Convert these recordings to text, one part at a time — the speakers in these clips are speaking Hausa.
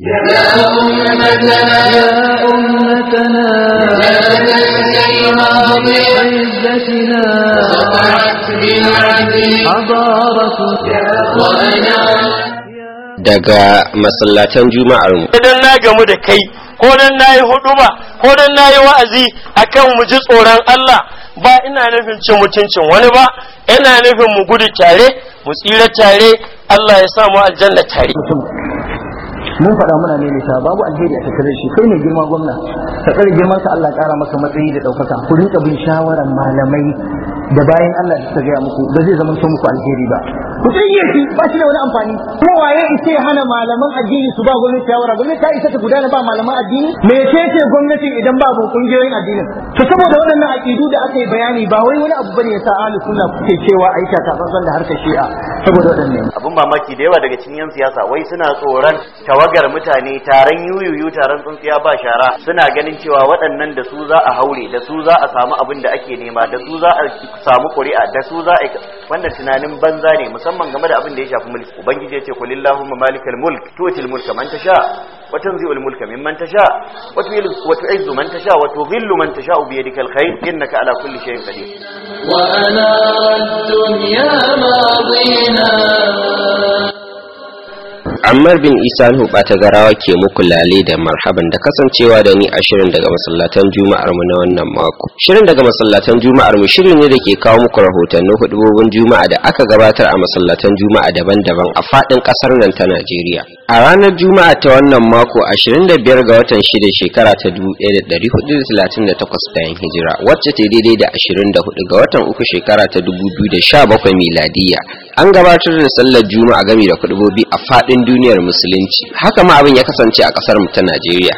daga masallatan juma'ar mu idan na gamu da kai ko dan nayi ba, ko dan nayi wa'azi akan mu ji tsoron Allah ba ina nufin cin mutuncin wani ba ina nufin mu gudu tare mu tsira tare Allah ya sa mu aljanna tare mun faɗa muna maimaita babu alheri a tattare shi kai ne girma gwamna ka tsare girman ka Allah ƙara masa matsayi da ɗaukaka ku rinka bin shawaran malamai da bayan Allah da ta gaya muku ba zai zama muku alheri ba ku yin shi ba shi da wani amfani ko waye ise hana malaman addini su ba gwamnati shawara gwamnati ta isa ta gudana ba malaman addini me ce gwamnati idan babu kungiyoyin addinin to saboda waɗannan aqidu da aka yi bayani ba wai wani abu bane yasa alu sunna kuke cewa ai ta kasan da harkar shi'a saboda waɗannan abun mamaki da yawa daga cikin yan siyasa wai suna tsoron tawagar mutane taron yuyuyu taron tsuntsiya ba shara suna ganin cewa waɗannan da su za a haure da su za a samu abin da ake nema da su za a samu kuri'a da su za a wanda tunanin banza ne musamman musamman game da abin da ya shafi mulki ubangiji ya ce qul illahumma malikal mulk tu'til mulk man tasha wa tanzi'ul mulka mimman tasha wa tuwil wa tu'izzu man tasha wa tudhillu man tasha bi yadikal khair innaka ala kulli shay'in qadir wa ana ad-dunya madina Ammar bin Isa Nuhu ta garawa ke muku lale da marhaban da kasancewa da ni a shirin daga masallatan Juma'ar mu na wannan mako. Shirin daga masallatan Juma'ar mu shiri ne da ke kawo muku rahotannin hudubobin Juma'a da aka gabatar a masallatan Juma'a daban-daban a faɗin ƙasar nan ta Najeriya. a ranar juma'a ta wannan mako 25 ga watan 6 shekara ta 1438 bayan hijira wacce ta daidai da 24 ga watan uku shekara ta 2017 miladiya an gabatar da sallar juma'a gami da kudubobi a fadin duniyar musulunci haka ma abin ya kasance a kasar mu ta najeriya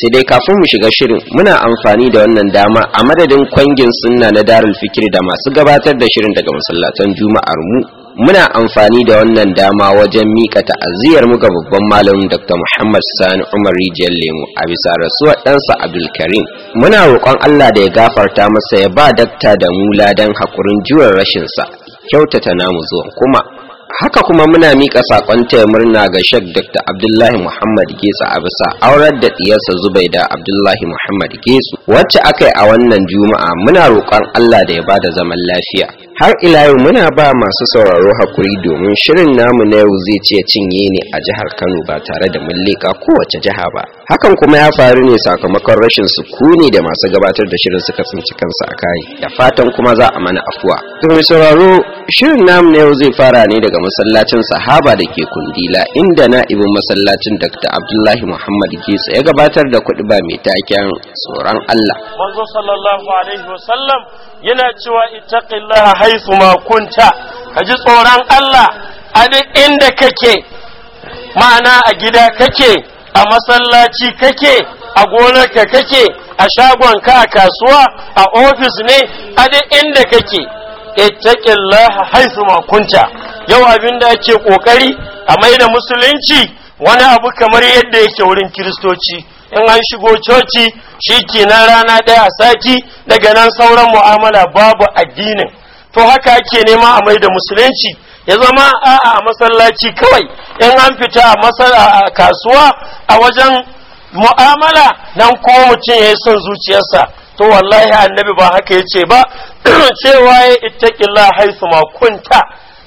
sai dai kafin mu shiga shirin muna amfani da wannan dama a madadin kwangin sunna na darul fikir da masu gabatar da shirin daga masallatan juma'ar mu muna amfani da wannan dama wajen mika ta'aziyar mu ga babban malamin Dr. Muhammad Sani Umar Rijiyar Lemu a bisa rasuwar ɗansa Abdul Karim. Muna roƙon Allah da ya gafarta masa ya ba dakta da mula don haƙurin juwar rashinsa, Kyautata namu zuwa kuma haka kuma muna mika saƙon taya murna ga Sheikh Dr. Abdullahi Muhammad getsu a bisa aurar da diyarsa Zubaida Abdullahi Muhammad Getsu wacce aka yi a wannan Juma'a muna roƙon Allah da ya ba da zaman lafiya har ila yau muna ba masu sauraro hakuri domin shirin namu na yau zai ce cinye ne a jihar kano ba tare da mallika kowace jiha ba hakan kuma ya faru ne sakamakon rashin sukuni da masu gabatar da shirin suka tsinci kansa a kai da fatan kuma za a mana afuwa domin sauraro shirin namu na yau zai fara ne daga masallacin sahaba da ke kundila inda na'ibin masallacin dr abdullahi muhammad gisa ya gabatar da kuɗi ba mai taken tsoron allah manzo sallallahu alaihi wasallam yana cewa ittaqillaha haisu ma ka ji tsoron Allah a duk inda kake ma'ana a gida kake a masallaci kake a gonarka kake a shagon ka a kasuwa a ofis ne a duk inda kake ittaqillaha haisu ma kunta yau abin da ake kokari a mai da musulunci wani abu kamar yadda yake wurin kiristoci in an shigo coci shi kenan rana ɗaya a sati daga nan sauran mu'amala babu addinin to haka ake nema a mai da musulunci ya zama a'a a masallaci kawai in an fita a kasuwa a wajen mu'amala nan ko mutum ya yi son zuciyarsa to wallahi annabi ba haka yace ba cewa ya ittaqillah haythu ma kunta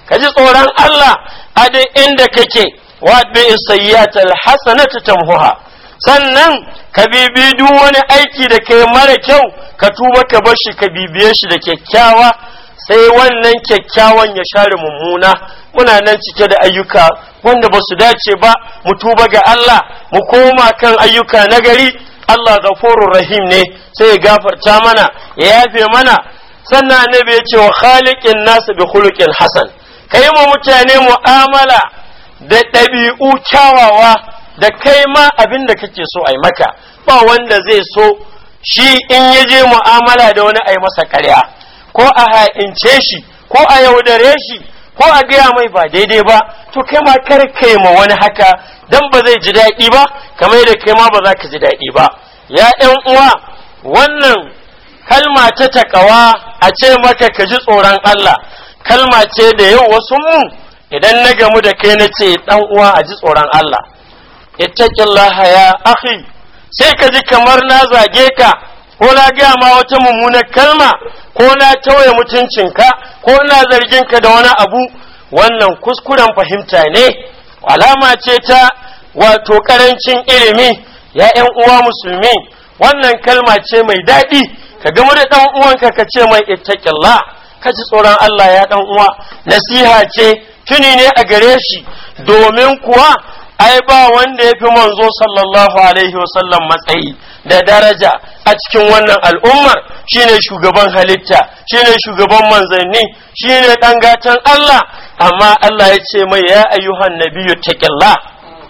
ka ji tsoron Allah a duk inda kake wa bi sayyatil hasanati tamhuha sannan ka bibi duk wani aiki da kai mara kyau ka tuba ka bar shi ka bibiye shi da kyakkyawa sai wannan kyakkyawan ya share mummuna muna nan cike da ayyuka wanda ba su dace ba mu tuba ga Allah mu koma kan ayyuka na gari Allah ghafurur rahim ne sai ya gafarta mana ya yafe mana sannan annabi ya ce wa khaliqin nas bi khuluqin hasan kai mu mutane mu'amala da ɗabi'u kyawawa da kai ma abin da kake so ai maka ba wanda zai so shi in yaje mu'amala da wani ai masa ƙarya ko a ha'ince shi ko a yaudare shi ko a gaya mai ba daidai ba to kai ma kar kai ma wani haka dan ba zai ji daɗi ba kamar da kai ma ba za ka ji daɗi ba ya ƴan uwa wannan kalma ta takawa a ce maka ka ji tsoron Allah kalma ce da yau wasu mu idan na gamu da kai na ce dan uwa a ji tsoron Allah ittaqillaha ya akhi sai ka ji kamar na zage ka ko na gaya ma wata mummunar kalma ko na tauye mutuncinka ko na zargin ka da wani abu wannan kuskuren fahimta ne alama ce ta wato karancin ilimi ya yan uwa musulmi wannan kalma ce mai daɗi ka gama da ɗan uwanka ka ce mai ittaqillah ka ji tsoron Allah ya ɗan uwa nasiha ce tuni ne a gare shi domin kuwa ai ba wanda ya fi manzo sallallahu alaihi wasallam matsayi da daraja a cikin wannan al'ummar shine shugaban halitta shine shugaban manzanni shine dan gatan Allah amma Allah ya ce mai ya ayyuhan nabiyyu taqilla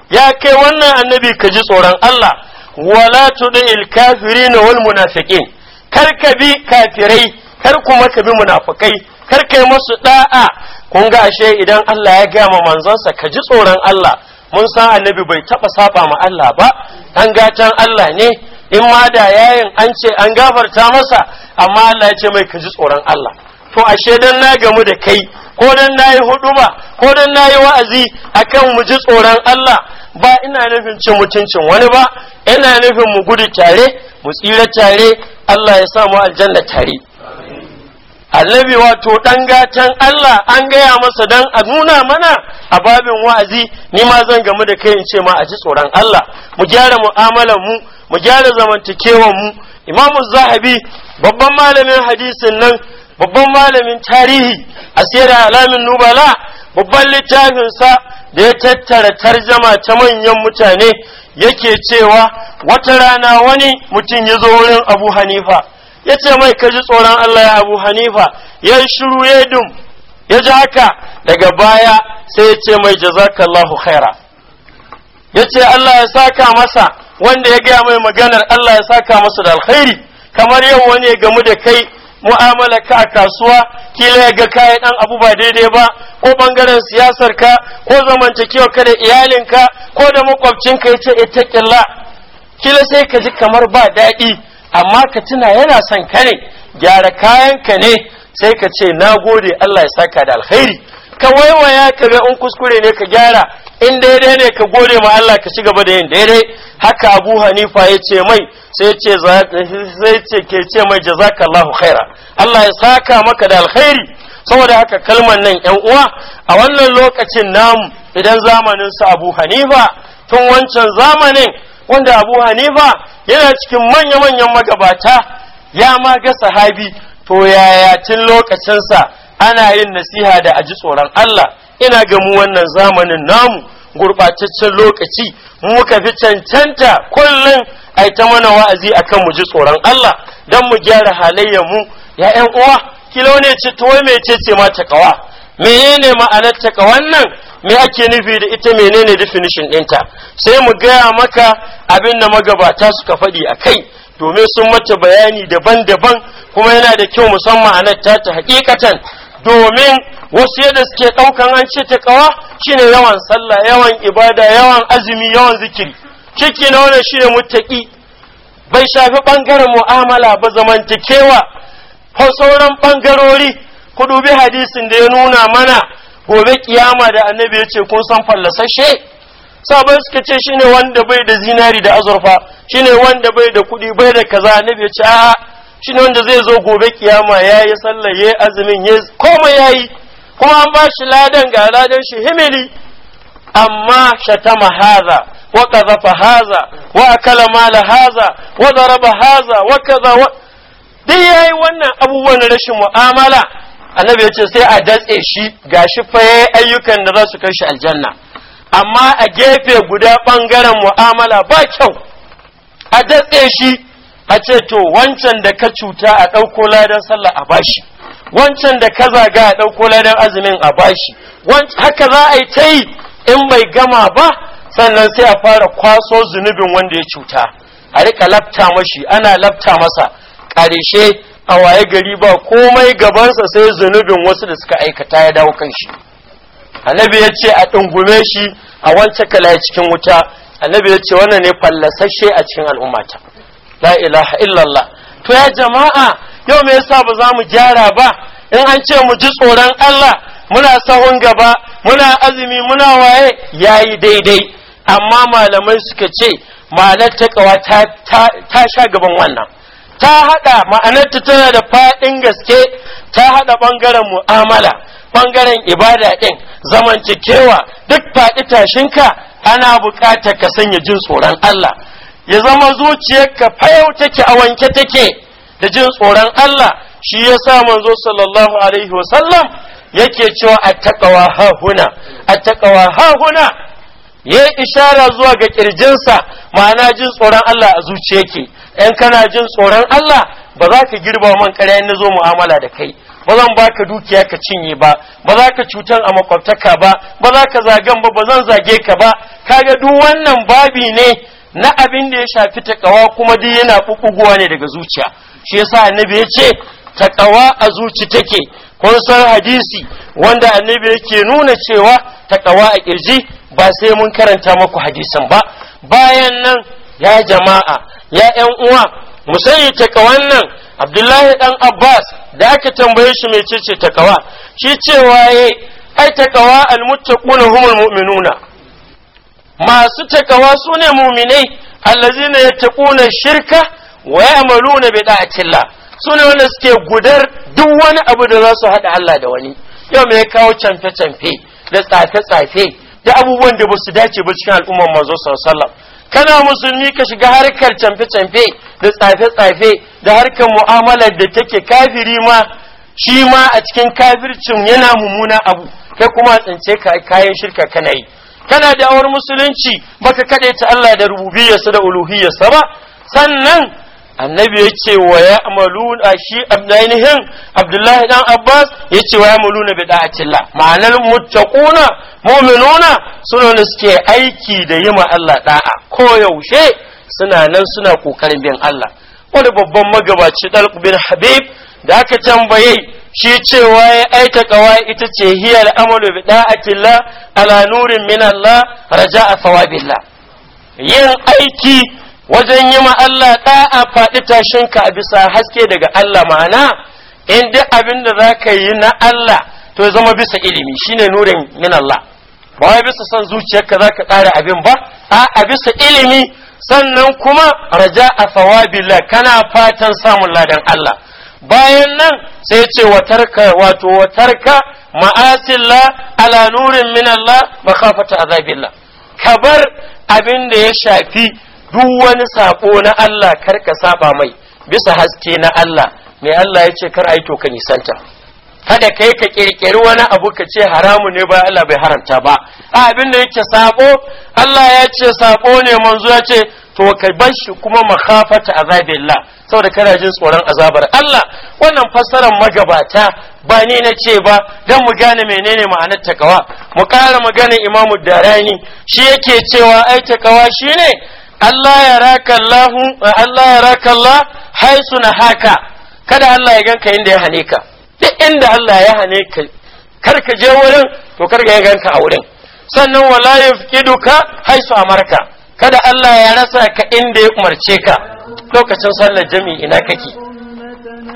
ya kai wannan annabi ka ji tsoron Allah wala tudil kafirin wal munafiqin kar ka bi kafirai kar kuma ka bi munafikai kar kai musu da'a kun ga ashe idan Allah ya gama manzonsa ka ji tsoron Allah mun san annabi bai taɓa saba ma Allah ba an gatan Allah ne in ma da yayin an ce an gafarta masa amma Allah ya ce mai ka ji tsoron Allah to ashe dan na gamu da kai ko dan nayi huduma, ko dan nayi wa'azi akan mu ji tsoron Allah ba ina nufin cin mutuncin wani ba ina nufin mu gudu tare mu tsira tare Allah ya sa mu aljanna tare allabi wato ɗan gatan Allah an gaya masa dan a nuna mana a babin wa'azi ni ma zan gamu da kai in ce ma a ji tsoron Allah mu gyara mu'amalar mu mu gyara zamantakewar mu Imam Zahabi babban malamin hadisin nan babban malamin tarihi a sayar alamin nubala babban littafin sa da ya tattara tarjama ta manyan mutane yake cewa wata rana wani mutum ya zo wurin Abu Hanifa Yace mai kaji tsoron Allah ya abu hanifa ya shiru ya dum ya ji haka daga baya sai yace mai jazakallahu khaira ya ce Allah ya saka masa wanda ya gaya mai maganar Allah ya saka masa da alkhairi kamar yau wani ya gamu da kai mu'amala ka a kasuwa kila ya ga kayan dan abu ba daidai ba ko bangaren siyasar ka ko zamantakewa ka da iyalinka ko da makwabcinka ya ce ita kila sai ka ji kamar ba daɗi amma ka tuna yana son ka ne gyara kayanka ne sai ka ce na gode Allah ya saka da alkhairi ka waiwaya ka ga in kuskure ne ka gyara in daidai ne ka gode ma Allah ka ci gaba da yin daidai haka Abu Hanifa ya ce mai sai ce sai ce ke ce mai jazakallahu khaira Allah ya saka maka da alkhairi saboda haka kalmar nan yan uwa a wannan lokacin namu idan zamanin su Abu Hanifa tun wancan zamanin wanda abu hanifa yana cikin manya-manyan magabata ya ma ga sahabi to yaya tun lokacinsa ana yin nasiha da aji tsoron Allah ina ga mu wannan zamanin namu gurɓataccen lokaci muka fi cancanta kullum ai ta mana wa'azi akan mu ji tsoron Allah don mu gyara halayyar mu ya 'yan uwa kilo ne ce to mai ce ce ma ta kawa menene ma'anar ka wannan me ake nufi da ita menene definition ɗinta sai mu gaya maka abin da magabata suka faɗi a kai domin sun mata bayani daban-daban kuma yana da kyau musamman a nan ta hakikatan domin wasu yadda suke ɗaukan an ce ta kawa shine yawan sallah yawan ibada yawan azumi yawan zikiri ciki na wannan shine mutaki bai shafi ɓangaren mu'amala ba zamantakewa ko sauran ɓangarori ku dubi hadisin da ya nuna mana gobe kiyama da annabi ya ce kun san fallasashe sabon suka ce shine wanda bai da zinari da azurfa shine wanda bai da kuɗi bai da kaza annabi ya ce a'a shine wanda zai zo gobe kiyama ya sallah ya azumin ya komai ya kuma an ba shi ladan ga ladan shi himili amma shatama haza wa haza wa akala mala haza wa daraba haza wa kaza duk yayi wannan abubuwan rashin mu'amala annabi ya ce sai a datse shi ga shi fa faye ayyukan da za su kai shi aljanna amma a gefe guda ɓangaren mu'amala ba kyau a datse shi a ce to wancan da ka cuta a ɗauko ladan sallah a bashi wancan da ka zaga a ɗauko ladan azumin a bashi haka za a yi ta in bai gama ba sannan sai a fara kwaso zunubin wanda ya cuta a rika lafta mashi ana lafta masa ƙarshe a waye gari ba komai gabansa sai zunubin wasu da suka aikata ya dawo kan shi annabi ya ce a ɗungume shi a wance kala cikin wuta annabi ya ce wannan ne fallasashe a cikin al'ummata la ilaha illallah to ya jama'a yau me yasa ba za mu gyara ba in an ce mu ji tsoron Allah muna sahun gaba muna azumi muna waye yayi daidai amma malamai suka ce malar takawa ta sha gaban wannan ta haɗa ma'anarta tana da faɗin gaske ta haɗa ɓangaren mu'amala ɓangaren ibada ɗin zamantakewa duk faɗi tashinka ana buƙatar ka sanya jin tsoron Allah ya zama zuciyarka fayau take a wanke take da jin tsoron Allah shi ya sa manzo sallallahu alaihi wasallam yake cewa a taƙawa hahuna a taƙawa hahuna ya yi ishara zuwa ga ƙirjinsa ma'ana jin tsoron Allah a zuciya ke ‘yan kana jin tsoron Allah ba za ka girba man ƙarya na zo mu'amala da kai ba zan ba ka dukiya ka cinye ba ba za ka cutar a makwabtaka ba ba za ka zagan ba ba zan zage ka ba kaga duk wannan babi ne na abin da ya shafi takawa kuma duk yana bubuguwa ne daga zuciya shi yasa annabi ya ce takawa a zuci take kun san hadisi wanda annabi yake nuna cewa takawa a kirji ba sai mun karanta maku hadisan ba bayan nan ya jama'a ya yan uwa mu sani takawan nan abdullahi dan abbas da aka tambaye shi mai ta takawa shi cewa yayi ai takawa almuttaquna humul mu'minuna masu takawa su ne muminai allazina yattaquna shirka wa ya'maluna bi da'atillah su ne wanda suke gudar duk wani abu da za su haɗa Allah da wani yau me ya kawo canfe-canfe da tsafe-tsafe da abubuwan da ba su dace ba cikin al'ummar manzo sallallahu kana musulmi ka shiga harkar canfe-canfe da tsafe-tsafe da harkar mu'amalar da take kafiri ma shi ma a cikin kafircin yana mummuna abu kai kuma tsince kayan shirka kana yi kana da awar musulunci baka ta Allah da rububiyarsa da uluhiyarsa ba sannan annabi ya ce wa ya a shi ainihin abdullahi dan abbas ya ce wa ya amaluna bi da'atillah ma'anar muttaquna mu'minuna suna da suke aiki da yima Allah da'a ko yaushe suna nan suna kokarin bin Allah wani babban magabaci dal bin habib da aka tambaye shi cewa ya aita kawa ita ce hiya al'amalu bi da'atillah ala nurin min Allah raja'a fawabillah yin aiki wajen yi ma Allah a faɗi tashinka a bisa haske daga Allah ma'ana in duk abin da za ka yi na Allah to ya zama bisa ilimi shine nurin min Allah ba wai bisa son zuciyarka za ka tsara abin ba a a bisa ilimi sannan kuma raja a sawabila kana fatan samun ladan Allah bayan nan sai ce watarka wato watarka ma'asilla ala nurin min Allah ba makhafata Ka kabar abin da ya shafi duk wani sako na Allah kar ka saba mai bisa haske na Allah mai Allah ya ce kar a yi to ka nisanta kada kai ka kirkiri wani abu ka ce haramu ne ba Allah bai haramta ba a abin da yake sako Allah ya ce sako ne manzo ya ce to ka bar shi kuma makhafata azabillah saboda kana jin tsoron azabar Allah wannan fassarar magabata ba ni na ce ba dan mu gane menene ma'anar takawa mu ƙara maganar Imamu Darani shi yake cewa ai takawa ne? Allah ya raka Allah Allah ya raka Allah haisu na haka kada Allah ya ganka inda ya hane ka duk inda Allah ya hane ka kar ka je wurin to kar ka ganka a wurin sannan wala yafkiduka haisu amarka kada Allah ya rasa ka inda ya umarce ka lokacin sallar jami'i ina kake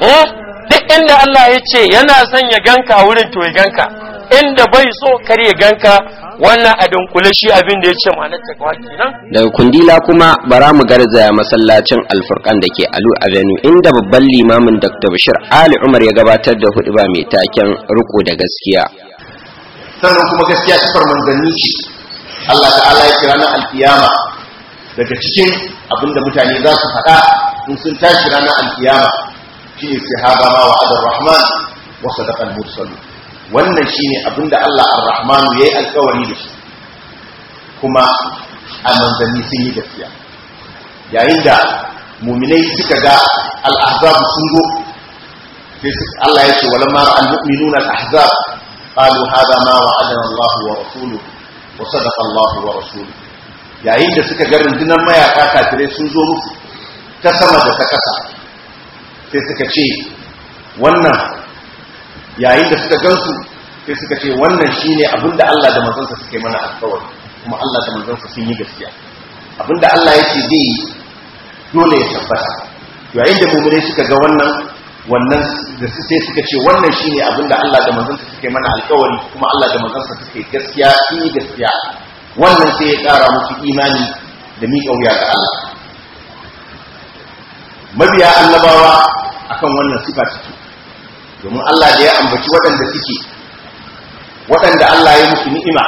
eh? duk inda Allah ya ce yana son ya ganka a wurin to ya ganka inda bai so kar ya ganka wannan a dunkule shi abin da ya ce ma'anar takwa kenan daga kundila kuma bara mu garzaya masallacin alfurkan da ke alu avenue inda babban limamin dr bashir ali umar ya gabatar da hudiba mai taken riko da gaskiya sannan kuma gaskiya sifar manzanni ce allah ta'ala ya kira na alfiyama daga cikin abin da mutane za su faɗa in sun tashi ranar alkiyama shi ne sahaba ma wa'adar rahman wa sadaqal mursalin wannan shine abinda Allah ar-Rahman ya yi alkawari da shi kuma a sun yi gaskiya yayin da muminai suka ga al-ahzab sun go Allah ya ce ma al-mu'minuna al-ahzab qalu hadha ma wa'adana Allah wa rasuluhu wa sadaqa Allah wa rasuluhu yayin da suka ga rundunar mayaka kafirai sun zo musu ta sama da ta kasa sai suka ce wannan yayin da suka gansu sai suka ce wannan shine abinda Allah da manzansa suke mana alƙawari kuma Allah da manzansa sun yi gaskiya abinda Allah yake zai yi dole ya tabbata yayin da mu'mini suka ga wannan wannan da su sai suka ce wannan shine abinda Allah da manzansa suke mana alƙawari kuma Allah da manzansa suke gaskiya sun yi gaskiya wannan sai ya ƙara musu imani da miƙa wuya ga Allah mabiya annabawa akan wannan sifa ciki domin Allah da ya ambaci waɗanda suke waɗanda Allah ya musu ni'ima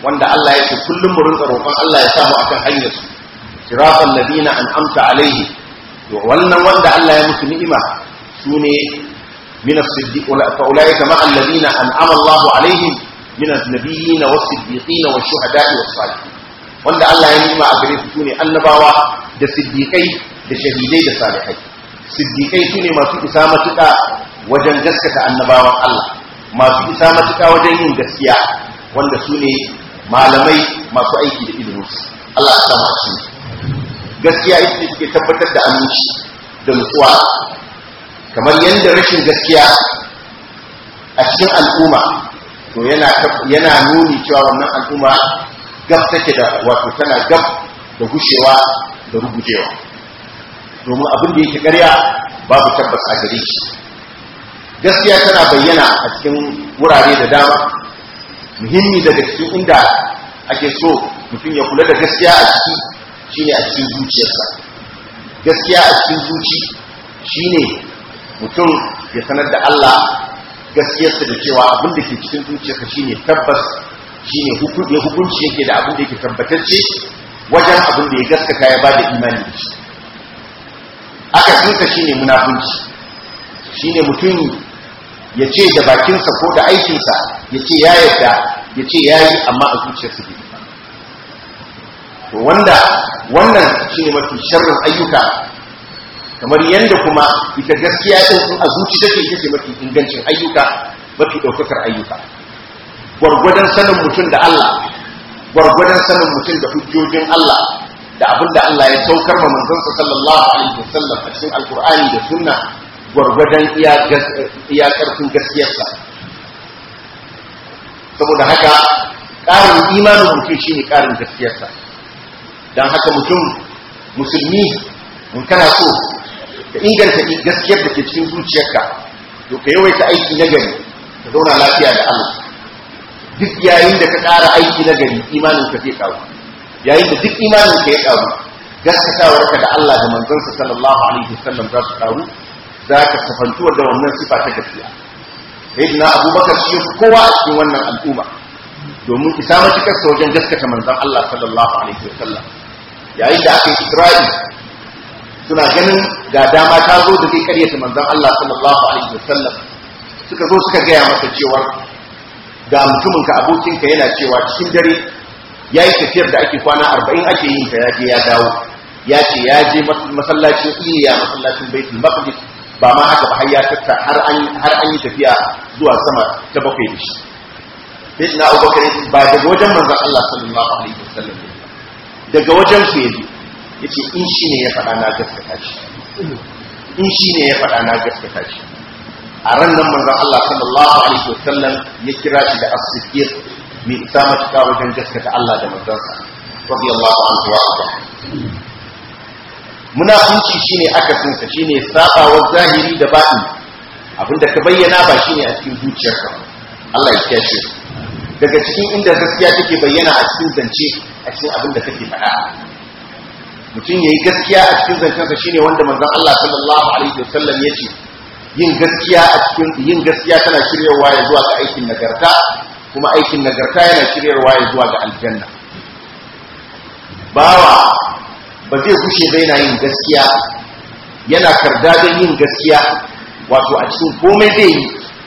wanda Allah ya ce kullum mu rinka roƙon Allah ya sa mu akan hanyar su sirafan ladina an'amta alaihi to wannan wanda Allah ya musu ni'ima sune min as-siddiq wa fa ulaika ma alladina an'ama Allahu alaihim min an-nabiyyin was-siddiqin wash-shuhada'i was-salihin wanda Allah ya ni'ima a gare su sune annabawa da siddiqai da shahidai da salihai siddiqai sune masu isa matuƙa wajen gaskata annabawan Allah masu isa matuka wajen yin gaskiya wanda su ne malamai masu aiki da iliminsu Allah ya samu su gaskiya ita suke tabbatar da aminci da nutsuwa kamar yadda rashin gaskiya a cikin al'umma to yana nuni cewa wannan al'umma gab take da wato tana gab da gushewa da rugujewa domin abin da yake karya babu tabbas a gare shi gaskiya tana bayyana a cikin wurare da dama muhimmi daga cikin inda ake so mutum ya kula da gaskiya a ciki shine a cikin zuciyarsa gaskiya a cikin zuci shine mutum ya sanar da Allah gaskiyarsa da cewa abin da ke cikin zuciyarsa shine tabbas shine hukunci yake da abin da yake tabbatacce wajen abin da ya gaskata ya bada imani da shi aka sunka shine munafunci shine mutum ya ce da bakinsa ko da aikinsa ya ce ya yadda ya ce ya yi amma a zuciyarsa bai to wanda wannan shi ne mafi sharrin ayyuka kamar yadda kuma ita gaskiya ɗin a zuci take ita mafi ingancin ayyuka mafi ɗaukakar ayyuka gwargwadon sanin mutum da Allah gwargwadon sanin mutum da hujjojin Allah da abin da Allah ya saukar ma manzansa sallallahu alaihi wasallam a cikin alkur'ani da sunna gwargwadon iyakarfin gaskiyarsa saboda haka ƙarin imanin mutum shi ne ƙarin gaskiyarsa don haka mutum musulmi mun kana so ka inganta gaskiyar da ke cikin zuciyarka to ka ta aiki na gari ka zauna lafiya da Allah duk yayin da ka ƙara aiki na gari imanin ka zai ƙaru yayin da duk imanin ka ya ƙaru gaskatawarka da Allah da manzansa sallallahu alaihi wasallam za su ƙaru za ka safantuwar da wannan sifa ta gaskiya na, abubakar shi kowa a cikin wannan al'umma domin isa matukarsa wajen gaskata manzan Allah sallallahu alaihi wa sallam yayin da aka yi isra'i suna ganin ga dama ta zo da zai karyata manzan Allah sallallahu alaihi wa sallam suka zo suka gaya masa cewa ga mutumin ka abokin ka yana cewa cikin dare Ya yi tafiyar da ake kwana arba'in ake yin ta ya je ya dawo ya ce ya je masallacin iya masallacin baitul maqdis ba ma haka ba har ya tatta har an yi tafiya zuwa sama ta bakwai da shi sai na abubakar ba daga wajen manzan Allah sallallahu alaihi wasallam daga wajen su ya ce in shi ne ya faɗa na gaskata shi in shi ne ya faɗa na gaskata shi a ran nan manzan Allah sallallahu alaihi wasallam ya kira shi da as mai isa matuƙa wajen gaskata Allah da manzansa radiyallahu anhu wa munafunci shine akasinsa shine wa zahiri da baɗi abinda ka bayyana ba shine a cikin zuciyarka Allah ya kiyaye daga cikin inda gaskiya take bayyana a cikin zance a cikin abinda kake faɗa mutum yayi gaskiya a cikin zancensa shine wanda manzon Allah sallallahu alaihi wasallam ya yin gaskiya a cikin yin gaskiya tana shiryarwa ya zuwa ga aikin nagarta kuma aikin nagarta yana shiryarwa ya zuwa ga aljanna bawa ba zai kushe ba yana yin gaskiya yana karda don yin gaskiya wato a cikin komai zai yi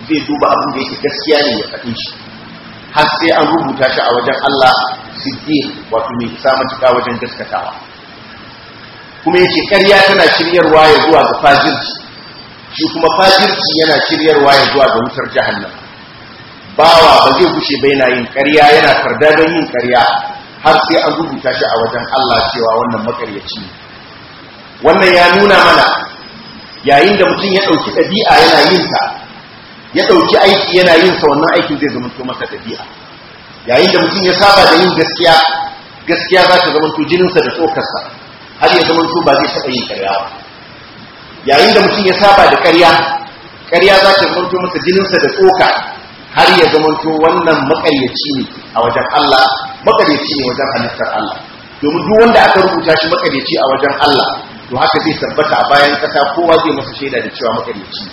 zai duba abin da yake gaskiya ne ya faɗi shi har sai an rubuta shi a wajen Allah siddiq wato mai kisa matuƙa wajen gaskatawa kuma yake karya tana shiryarwa ya zuwa ga fajirci shi kuma fajirci yana shiryarwa ya zuwa ga wutar jahannama bawa ba zai kushe bai na yin ƙarya yana karda don yin ƙarya har sai an rubuta shi a wajen Allah cewa wannan makaryaci ne wannan ya nuna mana yayin da mutum ya ɗauki ɗabi'a yana yin sa ya ɗauki aiki yana yin sa wannan aikin zai zama to masa ɗabi'a yayin da mutum ya saba da yin gaskiya gaskiya za ta zama to sa da tsokarsa har ya zama to ba zai taɓa yin karya ba yayin da mutum ya saba da karya karya za ta zama to masa sa da tsoka har ya to wannan makayyaci ne a wajen Allah makayyaci ne wajen halittar Allah domin duk wanda aka rubuta shi makayyaci a wajen Allah to haka zai tabbata a bayan kasa kowa zai masa shaida da cewa makayyaci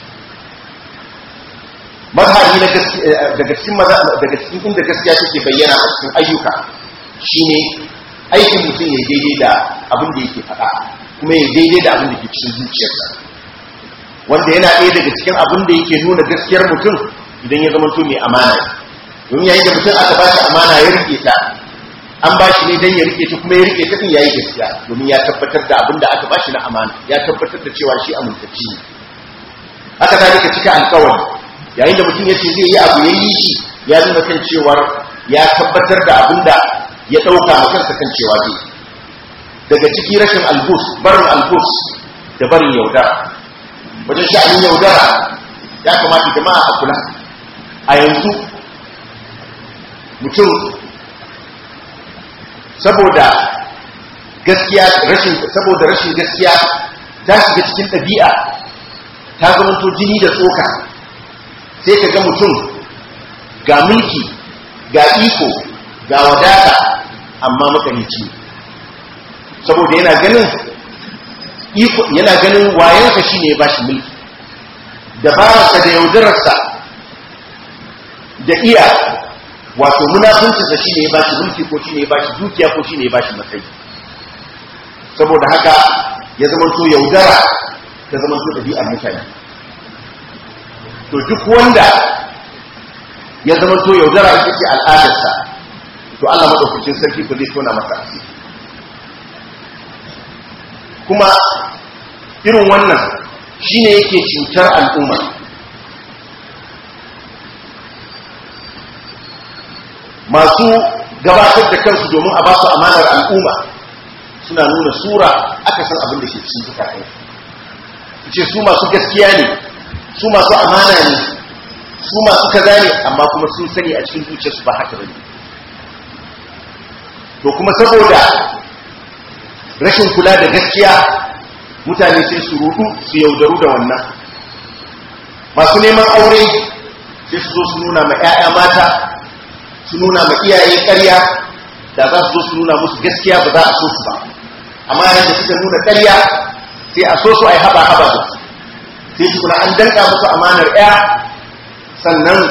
mazhabi na eh, daga cikin daga cikin inda gaskiya take bayyana a cikin ayyuka shine aikin mutum ya daidai da abin da yake faɗa kuma ya daidai da abin da ke cikin zuciyarsa wanda yana ɗaya daga cikin abin da yake nuna gaskiyar mutum idan ya zama to mai amana domin yayin da mutum aka ba shi amana ya rike ta an ba shi ne dan ya rike ta kuma ya rike ta din yayi gaskiya domin ya tabbatar da abin aka ba shi na amana ya tabbatar da cewa shi amintacci ne haka ta dika cika alkawari yayin da mutum ya ce zai yi abu ya yi shi ya nuna kan cewa ya tabbatar da abin ya ɗauka a kansa kan cewa zai daga ciki rashin albus barin albus da barin yaudara wajen sha'anin yaudara ya kamata jama'a a kula a yanzu mutum saboda gaskiya rashin saboda rashin gaskiya ta shiga cikin ɗabi'a ta zamanto jini da tsoka sai ka ga mutum ga mulki ga iko ga wadata amma makamici saboda yana ganin iko yana ganin wayansa shine ya bashi mulki dabararsa da yaudararsa da iya wato munafuncinsa shi ne ya bashi mulki ko shi ne ya bashi dukiya ko shi ne ya bashi matsayi saboda haka ya zamanto yaudara ta zamanto ɗabi'ar mutane to duk wanda ya zamanto yaudara ita ce al'adarsa to Allah maɗaukacin sarki ko zai tona masa asiri kuma irin wannan shine yake cutar al'umma masu gabatar da kansu domin a basu amanar al'umma suna nuna sura aka san abin da ke cikin zukatan ce su masu gaskiya ne su masu amana ne su masu kaza ne amma kuma sun sani a cikin zuciyarsu ba haka bane to kuma saboda rashin kula da gaskiya mutane sai su rudu su yaudaru da wannan masu neman aure sai su zo su nuna ma 'ya'ya mata su nuna ma iyaye ƙarya da za su zo su nuna musu gaskiya ba za a so su ba amma da suka nuna ƙarya sai a so su a yi haba-haba su sai su kuna an danka musu amanar ya sannan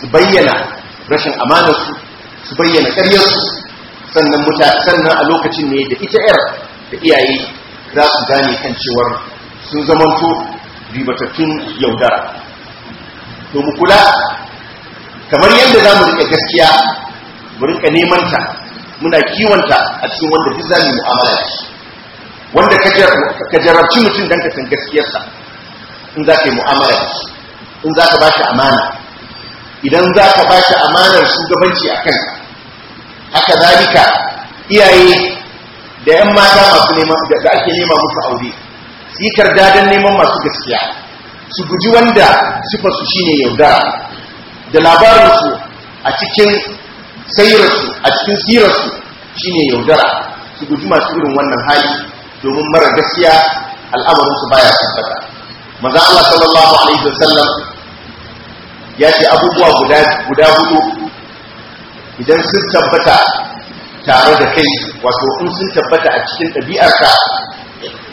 su bayyana rashin amanarsu su su bayyana su sannan sannan a lokacin ne da ita yar da iyaye za su gane kan cewar sun zamanto ribatattun yaudara to mu kula kamar yadda za mu rika gaskiya mu rika neman ta muna kiwonta a cikin wanda duk za mu mu'amala da shi wanda ka jarabci mutum don ka san gaskiyarsa in za ka yi mu'amala da shi in za ka ba shi amana idan za ka ba shi amanar shugabanci a kanka haka zalika iyaye da 'yan mata masu neman da ake nema musu aure sikar dadan neman masu gaskiya su guji wanda sifarsu shine yaudara da labarinsu a cikin sayyarsu a cikin sirarsu shine yaudara su guji masu irin wannan hali domin mara gaskiya al'amarinsu baya tabbata maza Allah sallallahu alaihi wasallam ya ce abubuwa guda hudu idan sun tabbata tare da kai wato in sun tabbata a cikin ɗabi'arka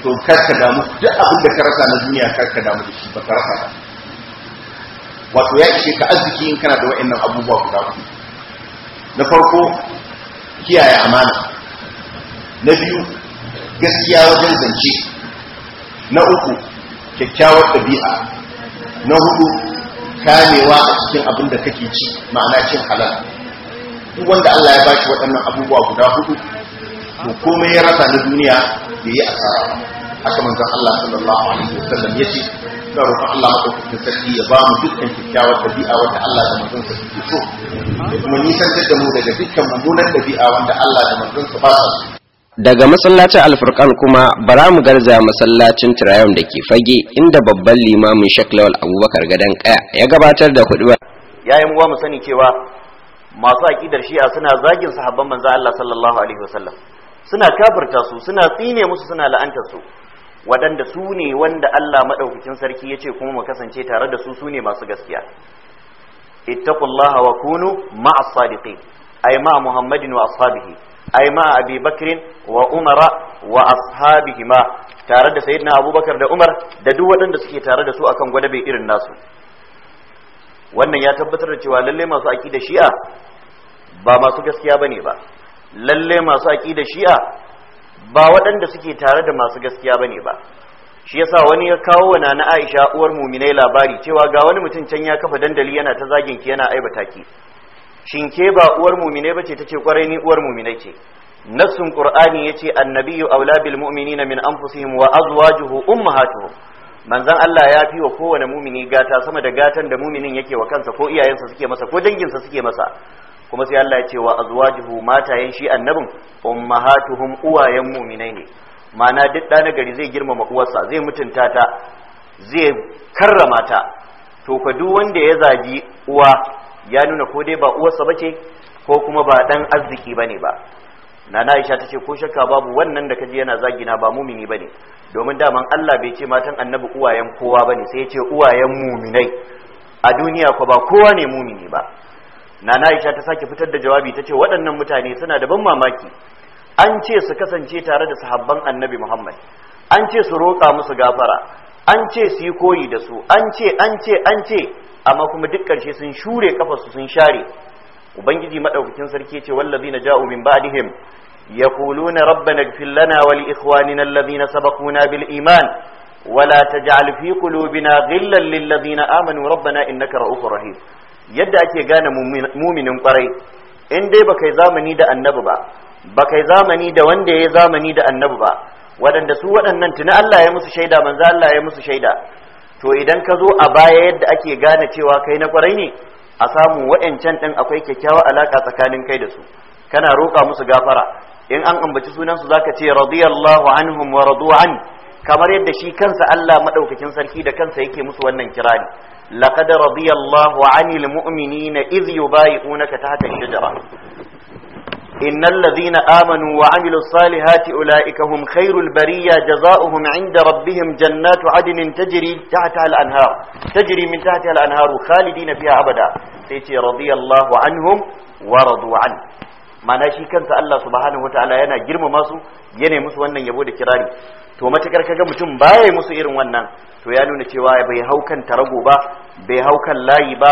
to karka damu duk abin da ka rasa na duniya karka damu da shi ba ka rasa ba wato ya ishe ka arziki in kana da wa'annan abubuwa guda uku na farko kiyaye amana na biyu gaskiya wajen zance na uku kyakkyawar ɗabi'a na hudu kamewa a cikin abin da kake ci ma'ana cin halal duk wanda Allah ya shi waɗannan abubuwa guda hudu to komai ya rasa na duniya da yi asara haka manzan Allah sallallahu alaihi wasallam ce. da roƙon Allah maɗaukakin sarki ya ba mu dukkan kyakkyawar ɗabi'a wanda Allah da manzonsa suke so da kuma nisantar da mu daga dukkan mummunar ɗabi'a wanda Allah da manzonsa ba sa daga masallacin alfurkan kuma bara mu garza masallacin tirayom da ke fage inda babban limamin shaklawal abubakar gadan kaya ya gabatar da hudubar ya yi muwa mu sani cewa masu aƙidar shi'a suna zagin sahabban manzo Allah sallallahu alaihi wasallam suna kafirta su suna tsine musu suna la'anta su waɗanda su ne wanda Allah maɗaukakin sarki ya ce kuma mu kasance tare da su su ne masu gaskiya ittaqullaha wa kunu ma'as sadiqin ay ma'a muhammadin wa ashabihi ay ma'a abi bakrin wa umara wa ashabihima tare da sayyidina abubakar da umar da duk waɗanda suke tare da su akan gwadabe irin nasu wannan ya tabbatar da cewa lalle masu aqida shi'a ba masu gaskiya bane ba lalle masu aqida shi'a ba waɗanda suke tare da masu gaskiya bane ba shi yasa wani ya kawo wa nana Aisha uwar muminai labari cewa ga wani mutum can ya kafa dandali yana ta zagin ki yana aibata ki shin ke ba uwar muminai bace tace kwarai ni uwar muminai ce nassun qur'ani yace annabiyyu aula bil mu'minina min anfusihim wa azwajuhu ummahatuhum manzon Allah ya fi wa kowane mumini gata sama da gatan da muminin yake wa kansa ko iyayensa suke masa ko danginsa suke masa kuma sai Allah ya ce wa azwajuhu matayen shi annabin ummahatuhum uwayen mu'minai ne ma'ana duk ɗa nagari zai girmama uwarsa zai mutunta ta zai karrama ta to ka duk wanda ya zagi uwa ya nuna ko dai ba uwarsa bace ko kuma ba dan arziki bane ba nana Aisha ce ko shakka babu wannan da kaje yana zagi na ba mumini bane domin daman Allah bai ce matan annabi uwayen kowa bane sai ya ce uwayen muminai a duniya ko ba kowa ne mumini ba nana aisha ta sake fitar da jawabi ta ce waɗannan mutane suna da ban mamaki an ce su kasance tare da sahabban annabi muhammad an ce su roƙa musu gafara an ce su yi koyi da su an ce an ce an ce amma kuma duk ƙarshe sun shure kafarsu sun share ubangiji madaukakin sarki ce wallazina ja'u min ba'dihim يقولون ربنا اغفر لنا ولإخواننا الذين سبقونا بالإيمان ولا تجعل في قلوبنا غلا للذين amanu rabbana إنك رؤوف rahim yadda ake gane muminin kwarai in dai bakai kai zamani da annabi ba bakai kai zamani da wanda ya zamani da annabi ba waɗanda su waɗannan tuni Allah ya musu shaida manzo Allah ya musu shaida to idan ka zo a baya yadda ake gane cewa kai na kwarai ne a samu wa'ancan ɗin akwai kyakkyawa alaka tsakanin kai da su kana roƙa musu gafara in an ambaci sunansu zaka ce radiyallahu anhum wa radu an kamar yadda shi kansa Allah madaukakin sarki da kansa yake musu wannan kirani لقد رضي الله عن المؤمنين إذ يبايعونك تحت الشجرة إن الذين آمنوا وعملوا الصالحات أولئك هم خير البرية جزاؤهم عند ربهم جنات عدن تجري تحتها الأنهار تجري من تحتها الأنهار خالدين فيها أبدا سيتي رضي الله عنهم ورضوا عنه معنى شي كانت الله سبحانه وتعالى ينا جرم ماسو ينا مسوانا يبود كراري to matakar kaga mutum baya musu irin wannan to ya nuna cewa bai hau kan tarago ba bai hau kan layi ba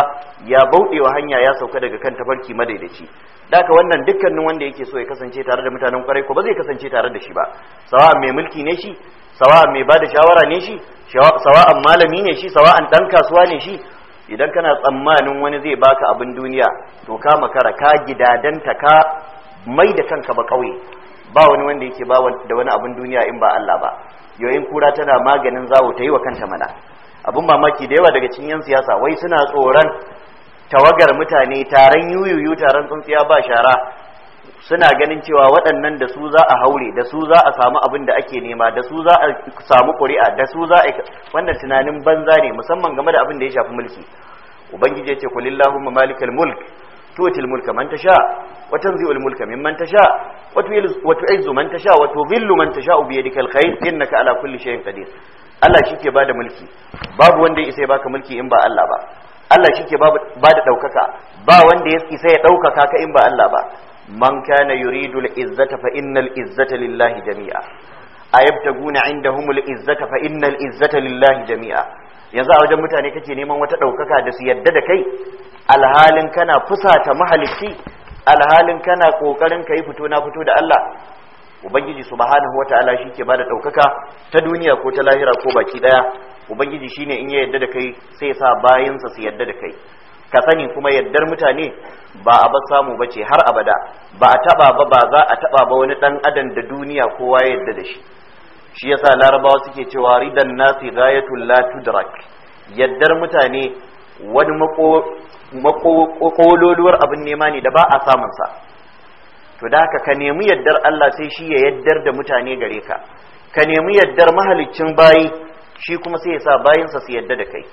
ya bauɗewa hanya ya sauka daga kan tafarki madaidaici daka wannan dukkanin wanda yake so ya kasance tare da mutanen kwarai ko ba zai kasance tare da shi ba sawa mai mulki ne shi sawa mai bada shawara ne shi sawa malami ne shi sawa dan kasuwa ne shi idan kana tsammanin wani zai baka abin duniya to ka makara ka gidadanta ka mai da kanka ba kauye ba wani wanda yake ba da wani abin duniya in ba Allah ba yoyin kura tana maganin zawo ta yi wa kanta mana abin mamaki da yawa daga cikin yan siyasa wai suna tsoron tawagar mutane taron yuyuyu taron tsuntsiya ba shara suna ganin cewa waɗannan da su za a haure da su za a samu abin da ake nema da su za a samu ƙuri'a da su za a wannan tunanin banza ne musamman game da abin da ya shafi mulki ubangiji ya ce kulillahumma malikal mulk tuwatil mulka man tasha wa tanzi'ul mulka mimman tasha wa tu'izzu man tasha wa tudhillu man tasha bi yadikal khair innaka ala kulli shay'in qadir Allah shike bada mulki babu wanda ya isa baka mulki in ba Allah ba Allah shike bada daukaka ba wanda ya isa ya daukaka ka in ba Allah ba man kana yuridu al-izzata fa innal izzata lillahi jami'a ayabtaguna indahumul izzata fa innal izzata lillahi jami'a yanzu a wajen mutane kake neman wata daukaka da su yadda da kai alhalin kana fusata mahalicci alhalin kana kokarin kai fito na fito da Allah ubangiji subhanahu wataala ke bada daukaka ta duniya ko ta lahira ko baki daya ubangiji shine in ya yadda da kai sai ya sa bayansa su yadda da kai ka sani kuma yaddar mutane ba a ba samu bace har abada ba a taba ba ba za a taba ba wani dan adam da duniya kowa ya yadda da shi shi yasa larabawa suke cewa ridan nasi ghayatul la tudrak yaddar mutane wani makololuwar abin nema ne da ba a samunsa to da haka ka nemi yaddar Allah sai shi ya yaddar da mutane gare ka ka nemi yaddar mahaliccin bayi shi kuma sai ya sa bayinsa su yadda da kai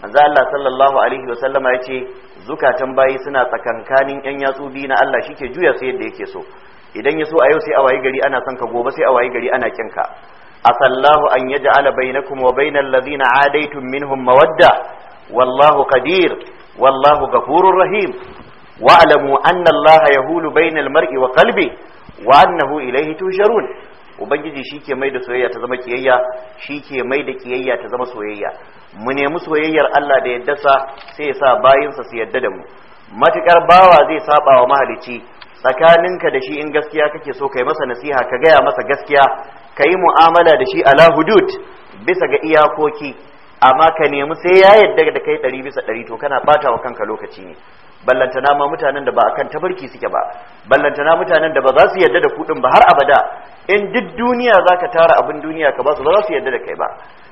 manzo Allah sallallahu alaihi wa sallama yace zukatan bayi suna tsakankanin yan yatsu biyu na Allah ke juya su yadda yake so idan ya so a yau sai a wayi gari ana son ka gobe sai a wayi gari ana kin kinka asallahu an yaj'ala bainakum wa bainal ladina adaitum minhum mawadda wallahu qadir wallahu ghafurur rahim wa'alamu annallaha ya yahulu bainal mar'i wa qalbi wa annahu tusharun ubangiji shike mai da soyayya ta zama kiyayya ke mai da kiyayya ta zama soyayya mu nemi soyayyar Allah da sa sai ya sa bayinsa su yadda da mu matukar bawa zai saba wa mahalici tsakaninka da shi in gaskiya kake so kai masa nasiha ka gaya masa gaskiya ka yi mu'amala da shi ala hudud bisa ga iyakoki amma ka nemi sai ya yadda da kai ɗari bisa ɗari to kana ɓata wa kanka lokaci ne ballantana ma mutanen da ba kan tabarki suke ba ballantana mutanen da ba za su yadda da kuɗin ba har abada in duk duniya za ka tara abin duniya ka ba su ba za su yadda da kai ba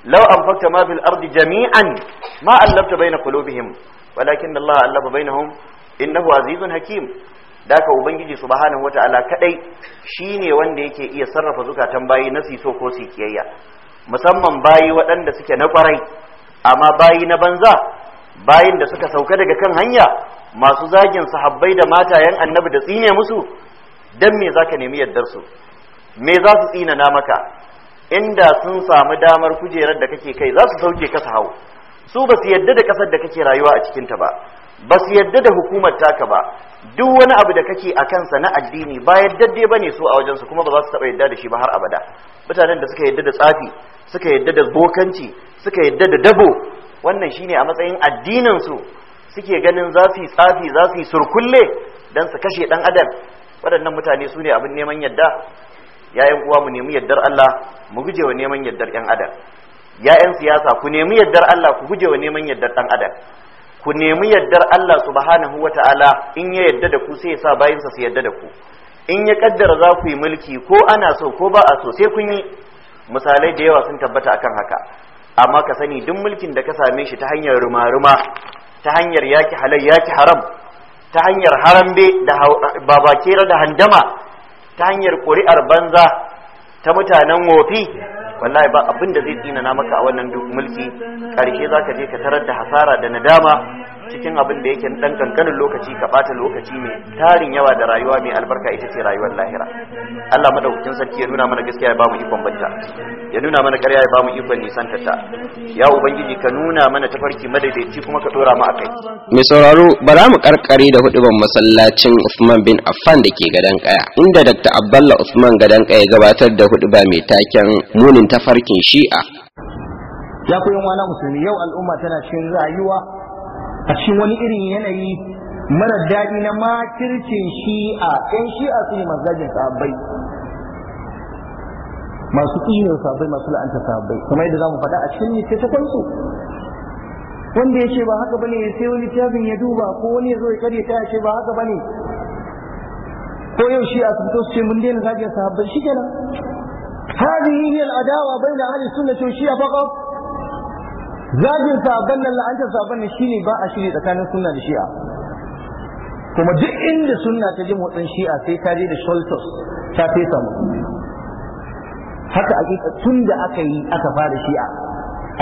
law anfaqta ma fil ardi jami'an ma allafta baina qulubihim walakin Allah allafa bainahum innahu azizun hakim daka ubangiji subhanahu wata'ala kadai shine wanda yake iya sarrafa zukatan bayi nasi so ko sikiyayya musamman bayi waɗanda suke na ƙwarai amma bayi na banza bayin da suka sauka daga kan hanya masu zagin sahabbai da matayen annabi da tsine musu dan me zaka nemi yaddar su me za su tsina na maka inda sun samu damar kujerar da kake kai za su sauke ka su hau su ba su yadda da ƙasar da kake rayuwa a cikinta ba ba su yadda da hukumar taka ba duk wani abu da kake a kansa na addini ba yadda ba ne su a wajensu kuma ba za su taɓa yadda da shi ba har abada mutanen da suka yadda da tsafi suka yadda da bokanci suka yadda da dabo wannan shine a matsayin addininsu suke ganin za su yi tsafi za su yi surkulle don su kashe ɗan adam waɗannan mutane su ne abin neman yadda ya'yan uwa mu nemi yaddar Allah mu guje wa neman yaddar 'yan adam ya'yan siyasa ku nemi yaddar Allah ku guje wa neman yaddar ɗan adam ku nemi yaddar Allah subhanahu Ta'ala in ya yadda da ku sai ya sa bayinsa su yadda da ku in ya kaddara za ku yi mulki ko ana so ko ba a so sai kun yi misalai da yawa sun tabbata akan haka amma ka sani duk mulkin da ka same shi ta hanyar ruma-ruma ta hanyar yaki halal yaki haram ta hanyar harambe da babakera da handama ta hanyar ƙuri'ar banza ta mutanen wofi wallahi ba abin da zai tsina na maka a wannan mulki za ka je ka tarar da hasara da nadama cikin abin da yake dan kankanin lokaci ka bata lokaci mai tarin yawa da rayuwa mai albarka ita ce rayuwar lahira Allah madaukakin sarki ya nuna mana gaskiya ya bamu ikon banta ya nuna mana ƙarya ya bamu ikon nisan ta ya ubangiji ka nuna mana tafarki madaidaici kuma ka dora mu akai mai sauraro bara mu karkare da huduban masallacin Usman bin Affan da ke gadan kaya inda Dr. Abdullah Usman gadan kaya gabatar da huduba mai taken munin tafarkin Shi'a ya ku wani musulmi yau al'umma tana cikin rayuwa a cikin wani irin yanayi mara daɗi na makircin shi'a ɗan shi'a su ne masu zagin sahabbai masu ƙinin sahabbai masu la'anta sahabbai kuma yadda za mu faɗa a cikin littattafan su wanda ya ce ba haka bane ya sayo tafin ya duba ko wani ya zo ya karya ta ya ce ba haka bane ko yau shi a fito su ce mun daina zagin sahabbai adawa bai da hali بين أهل shi a فقط zagin sabon nan la'antar sabon nan shine ba a shiri tsakanin sunna da shi'a kuma duk inda sunna ta ji motsin shi'a sai ta je da sholtos ta fesa mu haka a tun da aka yi aka fara shi'a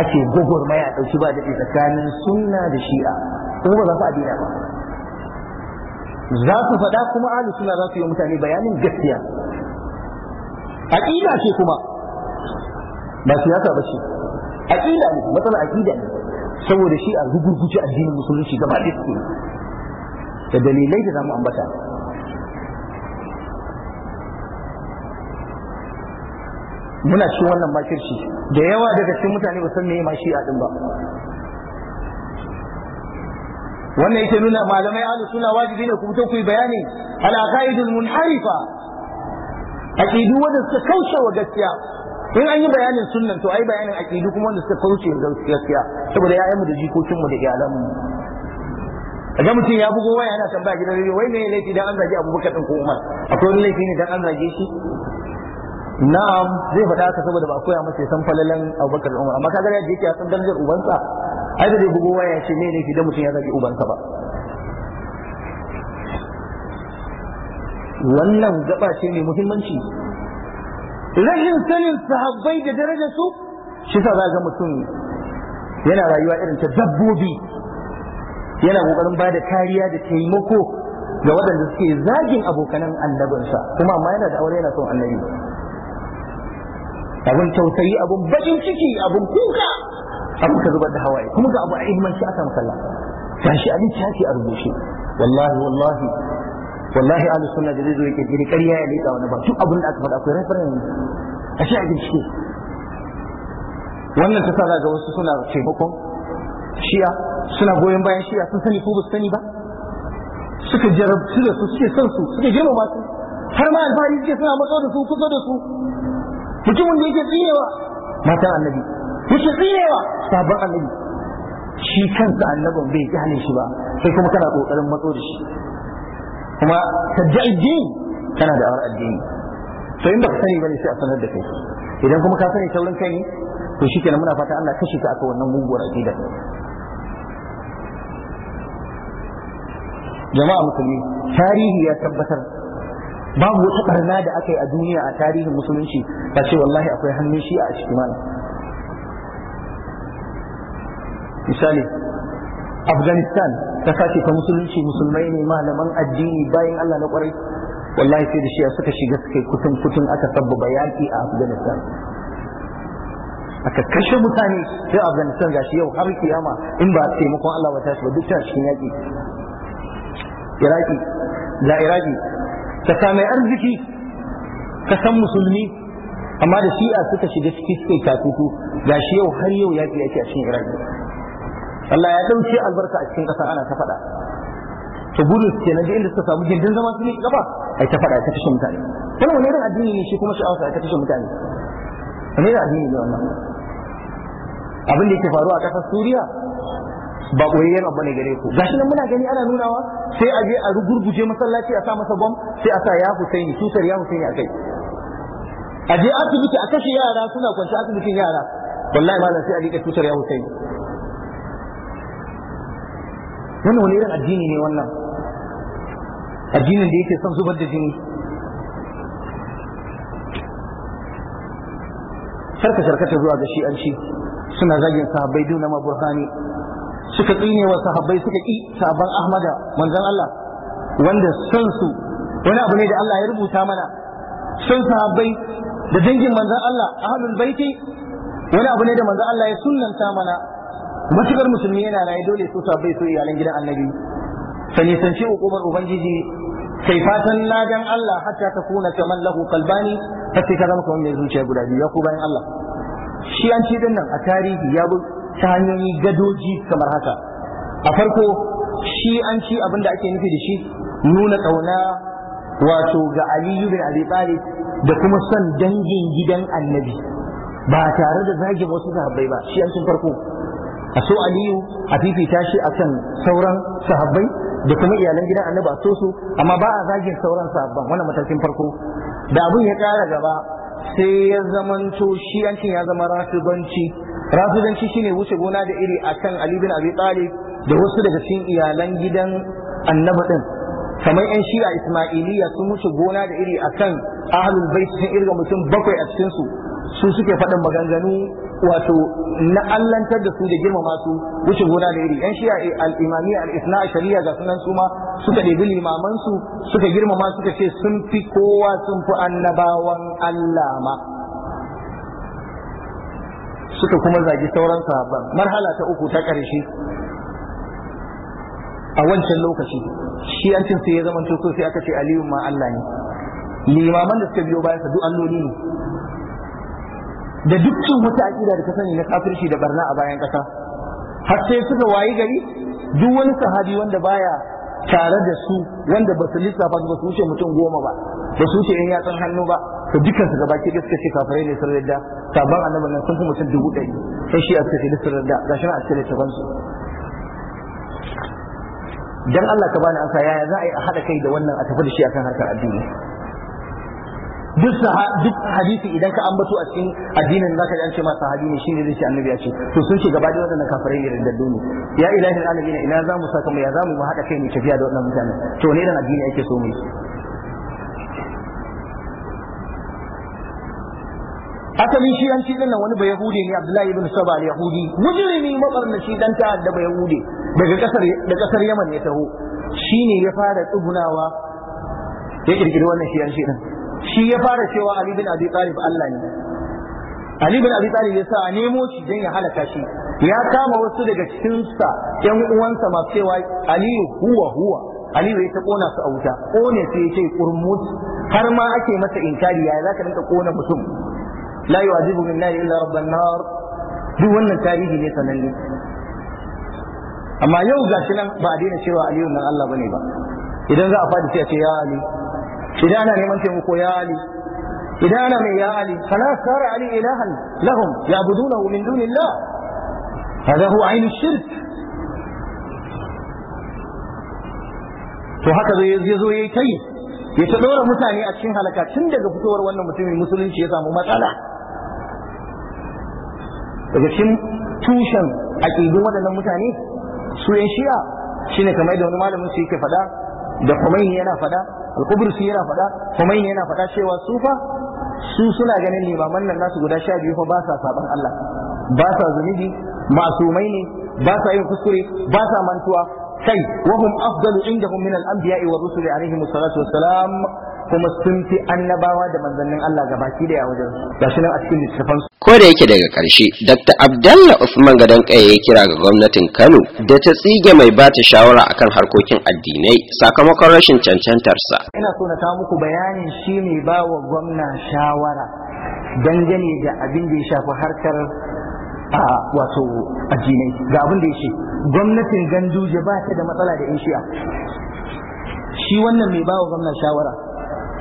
ake gwagwarmaya ɗauki ba daɗi tsakanin sunna da shi'a kuma ba za su adina ba za su faɗa kuma ahli suna za su yi mutane bayanin gaskiya aƙida ce kuma ba siyasa ba ce aqida ne matsala aqida ne saboda shi a rugurguce addinin musulunci gaba da suke da dalilai da zamu ambata muna cikin wannan makirci da yawa daga cikin mutane ba san me ma a din ba wannan yake nuna malamai ahlus sunna wajibi ne ku fito ku yi bayani ala qaidul munharifa aqidu wadda suka kaushe wa gaskiya in an yi bayanin sunnan to ai bayanin aqidu kuma wanda suka kauce gaskiya saboda ya'yanmu da jikokinmu da iyalanmu ga mutum ya bugo waya yana tambaya gidan rediyo wai ne laifi dan an zage Abubakar din ko Umar akwai wani laifi ne dan an zage shi na'am zai faɗa haka saboda ba a koya masa san falalan Abubakar da Umar amma kaga ya jike ya san darajar ubansa ai da zai bugo waya ya ce me laifi dan mutum ya zage ubansa ba wannan gaba ce mai muhimmanci rashin sanin sahabbai da darajar su shi sa za mutum yana rayuwa irin ta dabbobi yana kokarin ba da kariya da taimako ga waɗanda suke zagin abokanan annabinsa kuma amma yana da aure yana son annabi abin tausayi abin bakin ciki abin kuka abin ka zubar da hawaye kuma ga abu a ilmanci aka musalla gashi abin shafi a rubuce wallahi wallahi wallahi ahlus sunna da zai zo yake gini ƙarya ya leƙa wani ba duk abin da aka faɗa akwai reference a shi a bincike wannan ta sa ga wasu suna taimakon shi'a suna goyon bayan shi'a sun sani ko ba su sani ba suka jarabci da su suke son su suke girmama su har ma alfahari suke suna matso da su kusa da su mutumin da yake tsinewa matan annabi yake tsinewa sabon annabi shi kansa annabin bai ji halin shi ba sai kuma kana kokarin matso da shi kuma tadda'i addini kana da awar addini to in ka sani bane sai a sanar da kai idan kuma ka sani taurin kai ne to shikenan muna fata Allah kashe ka aka wannan muguwar aqida jama'a musulmi tarihi ya tabbatar babu wata barna da aka yi a duniya a tarihin musulunci ba ce wallahi akwai hannun shi a cikin mana misali afghanistan ta kashe ta musulunci musulmai ne malaman addini bayan allah na kwarai wallahi sai da shi suka shiga suka kutun kutun aka sabbaba yaki a afghanistan aka kashe mutane sai afghanistan gashi yau har kiyama in ba taimakon allah ba tashi ba duk ta cikin yaki iraki la iraki kasa mai arziki ka san musulmi amma da shi'a suka shiga ciki yi katutu gashi yau har yau yaki yake a cikin iraki Allah ya dauke albarka a cikin ƙasa ana ta faɗa to bulus ke nan inda suka samu gindin zama su ne gaba ai ta faɗa ta kashe mutane Kana wani irin addini ne shi kuma sha'awa ta kashe mutane wani irin addini ne wannan abin da yake faruwa a ƙasar Suriya ba koyayyen abu ne gare ku gashi nan muna gani ana nunawa sai a je a rugurguje masallaci a sa masa bom sai a sa ya Husaini tutar ya Husaini a kai a je asibiti a kashe yara suna kwanci asibitin yara wallahi malam sai a rika tutar ya Husaini wannan wani irin addini ne wannan addinin da yake son zubar da jini sarka sarkata zuwa ga shi'anci suna zagin sahabbai duna ma burhani suka tsine wa sahabbai suka ƙi sahabban ahmada manzon Allah wanda son su wani abu ne da Allah ya rubuta mana son sahabbai da dangin manzon Allah ahlul baiti wani abu ne da manzon Allah ya sunnanta mana matukar musulmi yana raye dole su bai su iyalan gidan annabi sani sanci hukumar ubangiji sai fatan ladan Allah hatta ta kuna kaman lahu kalbani ta sai ka zama kaman mai zuciya guda biyu ya ku bayan Allah shi an ce nan a tarihi ya bi ta hanyoyi gadoji kamar haka a farko shi an ci abin da ake nufi da shi nuna kauna wato ga Aliyu bin Abi Talib da kuma son dangin gidan Annabi ba tare da zagin wasu sahabbai ba shi an farko a so aliyu a fifita shi akan sauran sahabbai da kuma iyalan gidan annabi a so amma ba a zagin sauran sahabban wannan matakin farko da abin ya kara gaba sai ya zamanto shi cin ya zama rafidanci rafidanci shine wuce gona da iri akan ali bin abi talib da wasu daga cikin iyalan gidan annabi din kamar yan shi'a ismailiya sun wuce gona da iri akan ahlul bait sun irga mutum bakwai a cikinsu su su suke faɗin maganganu wato na allantar da su da girmama su wuce gona da iri yan shi al-imami al a shari'a ga sunan su ma suka ɗebi limaman su suka girmama suka ce sun fi kowa sun fi annabawan Allah ma suka kuma zagi sauran sahabban marhala ta uku ta ƙarshe a wancan lokaci shi an cin sai ya zama sai aka ce aliyu ma Allah ne limaman da suka biyo bayan sa duk alloli ne da dukkan wata aƙida da ka sani na kafirci da barna a bayan ƙasa har sai suka wayi gari duk wani sahabi wanda baya tare da su wanda ba su lissafa ba su wuce mutum goma ba ba su wuce ya san hannu ba to dukkan su gabaki da suka ce kafirai ne sun radda sabon annabi nan sun fi mutum dubu ɗari sai shi a suka ce sun radda gashi na a cikin littafin su dan Allah ka bani sa yaya za a yi a haɗa kai da wannan a tafi da shi akan harkar addini duk hadisi idan ka ambato a cikin addinin zaka ji an ce masa sahabi ne shine zai ce annabi ya ce to sun ce gaba da wadannan kafirai ne da ne ya ilahi alamin ina za mu saka mu ya za mu haɗa kai mu tafiya da wadannan mutane to ne dan addini ake so mu asalin shi an ci nan wani Yahudi ne abdullahi ibn saba al-yahudi mujrimi shi dan ta da Yahudi daga kasar da kasar yaman ya taho shine ya fara tsugunawa ya kirkiri wannan shi an shi din shi ya fara cewa Ali bin Abi Talib Allah ne Ali bin Abi Talib ya sa a nemo shi don ya halaka shi ya kama wasu daga cikin sa 'yan uwansa masu cewa Aliyu huwa huwa Aliyu ya ta kona su a wuta kone su ya ce kurmus har ma ake masa inkari yaya zaka rinka kona mutum la yu'adibu min nari illa rabban nar duk wannan tarihi ne sananne amma yau gashi nan ba a daina cewa Aliyu nan Allah bane ba idan za a fadi sai a ce ya Ali idan ana neman taimako ya ali idan ana ya ali kana sara ali ilahan lahum buduna min dunillah hada huwa ainihin shirk to haka ya zo ya kai ya ta ɗora mutane a cikin halaka tun daga fitowar wannan mutumin musulunci ya samu matsala daga cikin tushen aƙidun waɗannan mutane su yan shi'a shine kamar da wani malamin su yake faɗa da Khomeini yana faɗa al-Qubrisi yana faɗa Khomeini yana faɗa cewa su fa su suna ganin limaman nan nasu guda sha biyu fa ba sa saban Allah ba sa zunubi masumai ne ba sa yin kuskure ba sa mantuwa kai wahum afdalu indahum min al-anbiya'i wa rusuli alaihi salatu wassalam kuma sun fi annabawa da manzannin Allah baki da wajen shi nan a cikin littafan ko da yake daga karshe Dr. Abdalla Usman Gadan kai ya kira ga gwamnatin Kano da ta tsige mai ba ta shawara akan harkokin addinai sakamakon rashin cancantarsa ina so na kawo muku bayanin shi ne ba wa gwamna shawara dangane da abin da ya shafi harkar a wato addinai ga abin da ya shi, gwamnatin ganduje ba ta da matsala da in shi wannan mai ba wa gwamna shawara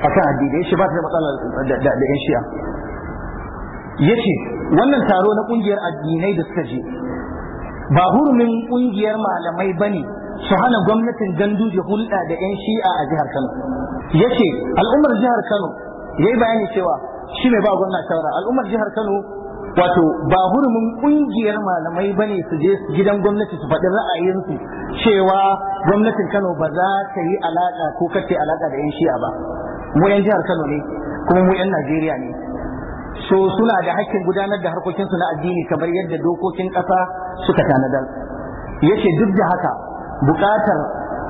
akan addini shi ba ta da matsala da yan shi'a yace wannan taro na kungiyar addinai da suka je ba hurumin kungiyar malamai bane su hana gwamnatin da hulɗa da yan shi'a a jihar Kano yace al'ummar jihar Kano yayi bayani cewa shi mai ba gwamna shawara al'ummar jihar Kano wato ba hurumin kungiyar malamai bane su je gidan gwamnati su faɗi ra'ayinsu cewa gwamnatin Kano ba za ta yi alaka ko kace alaka da yan shi'a ba mu yan jihar Kano ne kuma mu yan Najeriya ne so suna da hakkin gudanar da harkokinsu na addini kamar yadda dokokin ƙasa suka tanadar yace duk da haka buƙatar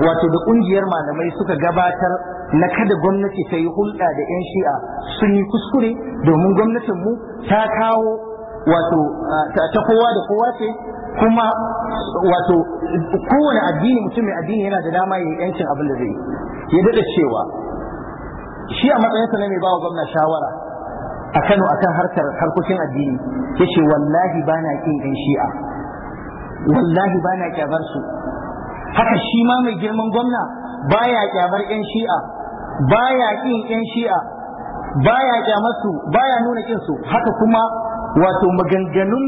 wato da ƙungiyar malamai suka gabatar na kada gwamnati ta yi hulɗa da 'yan shi'a sun yi kuskure domin gwamnatinmu ta kawo wato ta kowa da kowa ce kuma wato kowane addini mutum mai addini yana da dama ya yi 'yancin abin da zai yi ya daɗa cewa shi a matsayinsa ne mai ba wa gwamna shawara a Kano akan harkar harkokin addini yace wallahi bana kin ɗan shi'a wallahi bana kyabar su haka shi ma mai girman gwamna baya kyabar ƴan shi'a baya kin ƴan shi'a baya kyamar su baya nuna kin su haka kuma wato maganganun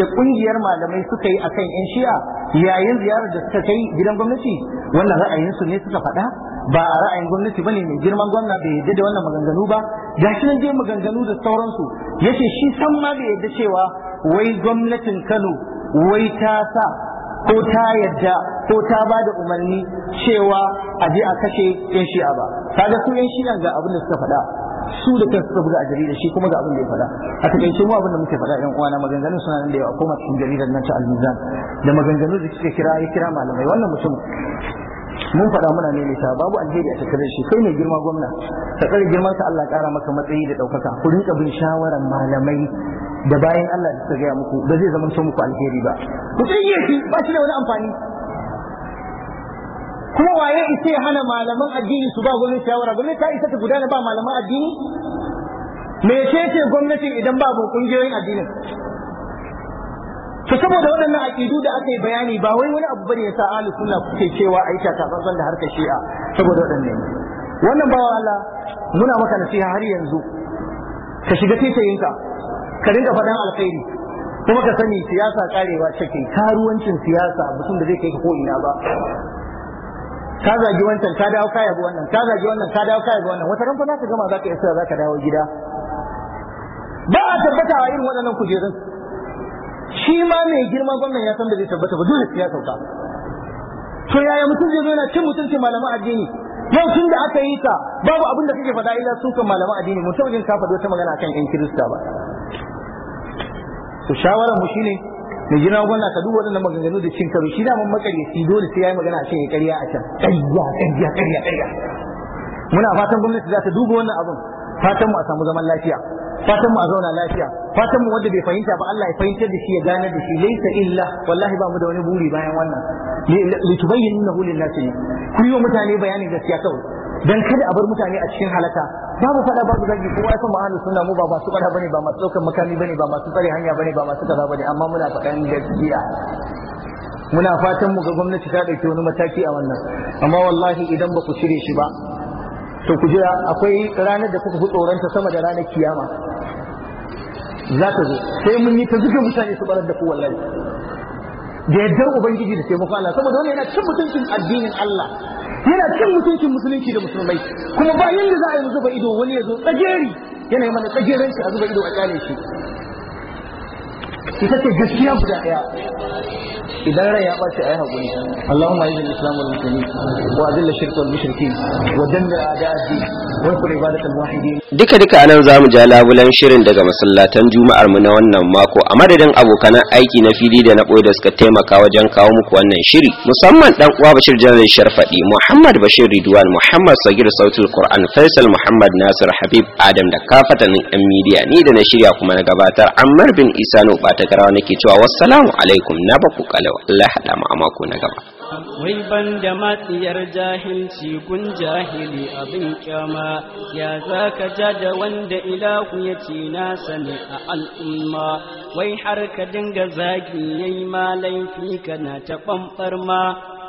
da ƙungiyar malamai suka yi akan ƴan shi'a yayin ziyarar da suka kai gidan gwamnati wannan ra'ayinsu ne suka faɗa ba a ra'ayin gwamnati bane mai girman gwamna bai yadda da wannan maganganu ba shi nan je maganganu da sauransu yace shi san ma bai yadda cewa wai gwamnatin Kano wai ta sa ko ta yadda ko ta ba da umarni cewa a je a kashe yan shi'a ba kaga su yan shi'a ga abin da suka faɗa su da kansu suka buga a jarida shi kuma ga abin da ya faɗa a takaice mu abin da muke faɗa yan uwana maganganun suna nan da yawa koma cikin jaridar nan ta al da maganganun da suke kira ya kira malamai wannan mutum mun faɗa muna ne ta babu alheri a tattare shi kai ne girma gwamna ta tsare girman ka Allah ƙara maka matsayi da ɗaukaka ku rinka bin shawaran malamai da bayan Allah da suka gaya muku ba zai zama so muku alheri ba ku tsaye shi ba shi da wani amfani kuma waye ita ya hana malaman addini su ba gwamnati shawara gwamnati ta isa ta gudana ba malaman addini me ce ce gwamnati idan babu kungiyoyin addinin to saboda waɗannan aƙidu da aka yi bayani ba wai wani abu bane yasa ahlus sunna kuke cewa ai ta tsantsan da harkar shi'a saboda waɗannan wannan bawa Allah muna maka nasiha har yanzu ka shiga titayinka ka rinka faɗan alkhairi kuma ka sani siyasa karewa take karuwancin siyasa mutum da zai kai ka ko ina ba ka zagi wancan ka dawo ka yabi wannan ka zagi wannan ka dawo ka yabi wannan wata ranfa fa za ka gama za ka sai za ka dawo gida ba a tabbata a irin waɗannan kujerun shi ma mai girma gwamnan ya san da zai tabbata ba dole sai ya sauka to yaya mutum zai zo yana cin mutunci malaman addini yau tun da aka yi ta babu abin da kake faɗa ila sukan malaman addini mutum taɓa jin ka faɗi wata magana akan yan kirista ba to shawaran mu shine mai girma gwamna ka duba waɗannan maganganu da cin karo shi da mun makaryaci dole sai ya yi magana a can ya karya a can ƙarya ƙarya ƙarya ƙarya muna fatan gwamnati za ta duba wannan abin fatan mu a samu zaman lafiya fatan mu a zauna lafiya fatan mu wanda bai fahimta ba Allah ya fahimtar da shi ya gane da shi laysa illa wallahi ba mu da wani buri bayan wannan li tubayyinahu lin nasi ku yi wa mutane bayanin gaskiya kawai dan kada a bar mutane a cikin halaka babu fada babu zagi kowa ya san ma ahlus sunna mu ba masu fada bane ba masu daukar makami bane ba masu tsare hanya bane ba masu kaza bane amma muna fakan gaskiya muna fatan mu ga gwamnati ta dauki wani mataki a wannan amma wallahi idan ba ku shirye shi ba to ku jira akwai ranar da kuka fi tsoronta sama da ranar kiyama za ta zo sai mun yi ta zuke mutane su barar da ku wallahi da yadda ubangiji da taimako Allah saboda wani yana cin mutuncin addinin Allah yana cin mutuncin musulunci da musulmai kuma ba yanda za a yi zuba ido wani ya zo tsageri yana yi mana tsageranci a zuba ido a kyale shi ita ce gaskiya guda daya idan rai ya bace ayi hakuri Allahumma wal muslimin wa wal mushrikin wa wa duka duka anan zamu ja labulan shirin daga masallatan juma'ar mu na wannan mako a madadin abokan aiki na fili da na boye da suka taimaka wajen kawo muku wannan shiri musamman dan uwa Bashir Jalal Sharfadi Muhammad Bashir Ridwan Muhammad Sagir Sautul Qur'an Faisal Muhammad Nasir Habib Adam da kafatanin ɗan midiya ni da na shirya kuma na gabatar Ammar bin Isa Nubata kankarawa nake cewa wassalamu alaikum na baku kalau Allah hada mu a mako na gaba wai ban da matsiyar jahilci kun jahili abin kyama ya zaka ja da wanda ilahu ya ce na sani a al'umma wai har ka dinga zagi yayi ma laifi kana ta kwamfar ma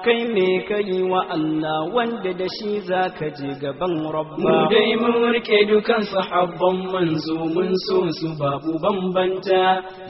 kai ne ka yi wa Allah wanda da shi za ka je gaban rabba. Mu dai mun rike dukan sahabban manzo mun so su babu bambanta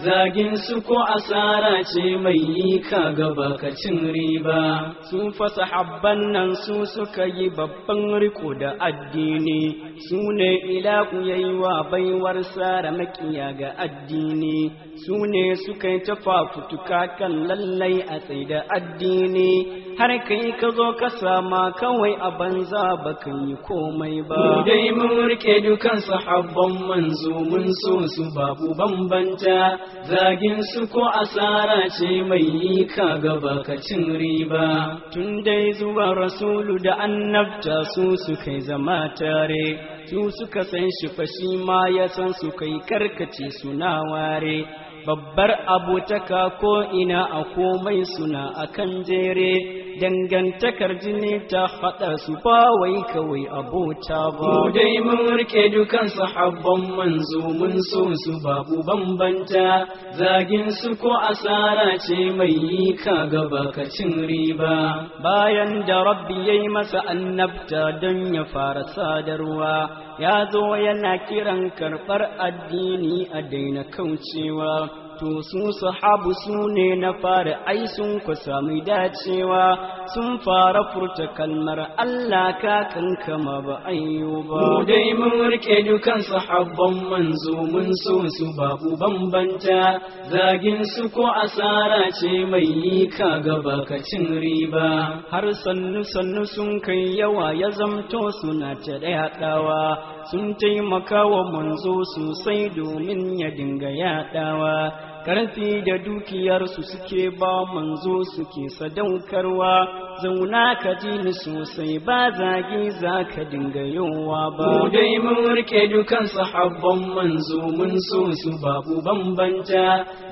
zagin su ko asara ce mai yi ka gaba ka cin riba. Su fa sahabban nan su suka yi babban riko da addini su ne ila ku yayi wa baiwar sara makiya ga addini. su ne suka yi ta fafutuka kan lallai a tsaida addini har ka yi ka zo ka sama kawai a banza ba kan yi komai ba. dai mun rike dukan sahabban manzo mun so su babu bambanta zagin su ko asara ce mai yi ka gaba ka cin riba. Tun dai zuwa rasulu da annabta su suka yi zama tare. su suka san shi fashi ma ya san su kai karkace suna ware babbar abotaka ko ina a komai suna akan jere dangantakar jini ta haɗa su ba wai kawai abota ba mu dai mun rike dukan sahabban manzo mun so su babu bambanta zagin su ko asara ce mai yi ka gaba ka cin riba bayan da rabbi yayi masa annabta don ya fara sadarwa ya zo yana kiran karɓar addini a daina kaucewa wato sun sahabu su na fara ai sun ku sami dacewa sun fara furta kalmar Allah ka kankama ba ayyo ba dai mun rike dukan sahabban manzo mun so su babu bambanta zagin su ko asara ce mai yi ka gaba ka cin riba har sannu sannu sun kai yawa ya zamto suna ta ɗaya dawa sun taimaka wa manzo sosai domin ya dinga yaɗawa Karfi da dukiyarsu suke ba manzo suke sadaukarwa zauna ka ji ni sosai ba zagi za ka dinga yowa ba dai mun rike dukan sahabban manzo mun so su babu bambanta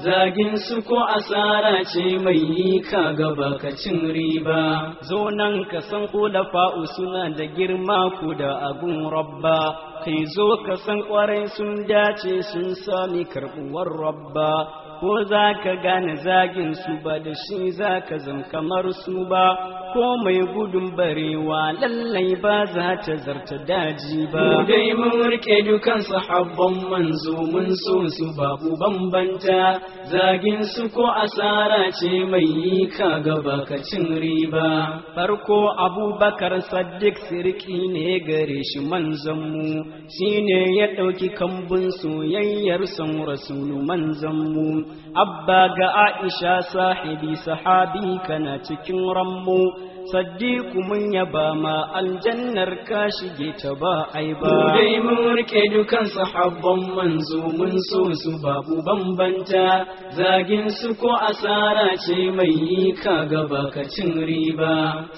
zagin su ko asara ce mai yi ka gaba ka cin riba zo nan ka san ko da fa'u suna da girma ku da abun rabba kai zo ka san ƙwarai sun dace sun sami karɓuwar rabba ko za ka gane zagin su ba da shi za ka zan kamar su ba ko mai gudun barewa lallai ba za ta zarta daji ba dai mun rike dukan sahabban manzo mun so su babu bambanta zagin su ko asara ce mai yi ka gaba ka cin riba farko abubakar saddik sirki ne gare shi manzanmu shine ya ɗauki kambun soyayyar son rasulu manzanmu abba ga aisha sahibi sahabi kana cikin rammo saddiku mun yaba ma aljannar ka shige ta ba ai ba dai mun rike dukan sahabban manzo mun so su babu bambanta zagin su ko asara ce mai yi ka gaba ka cin riba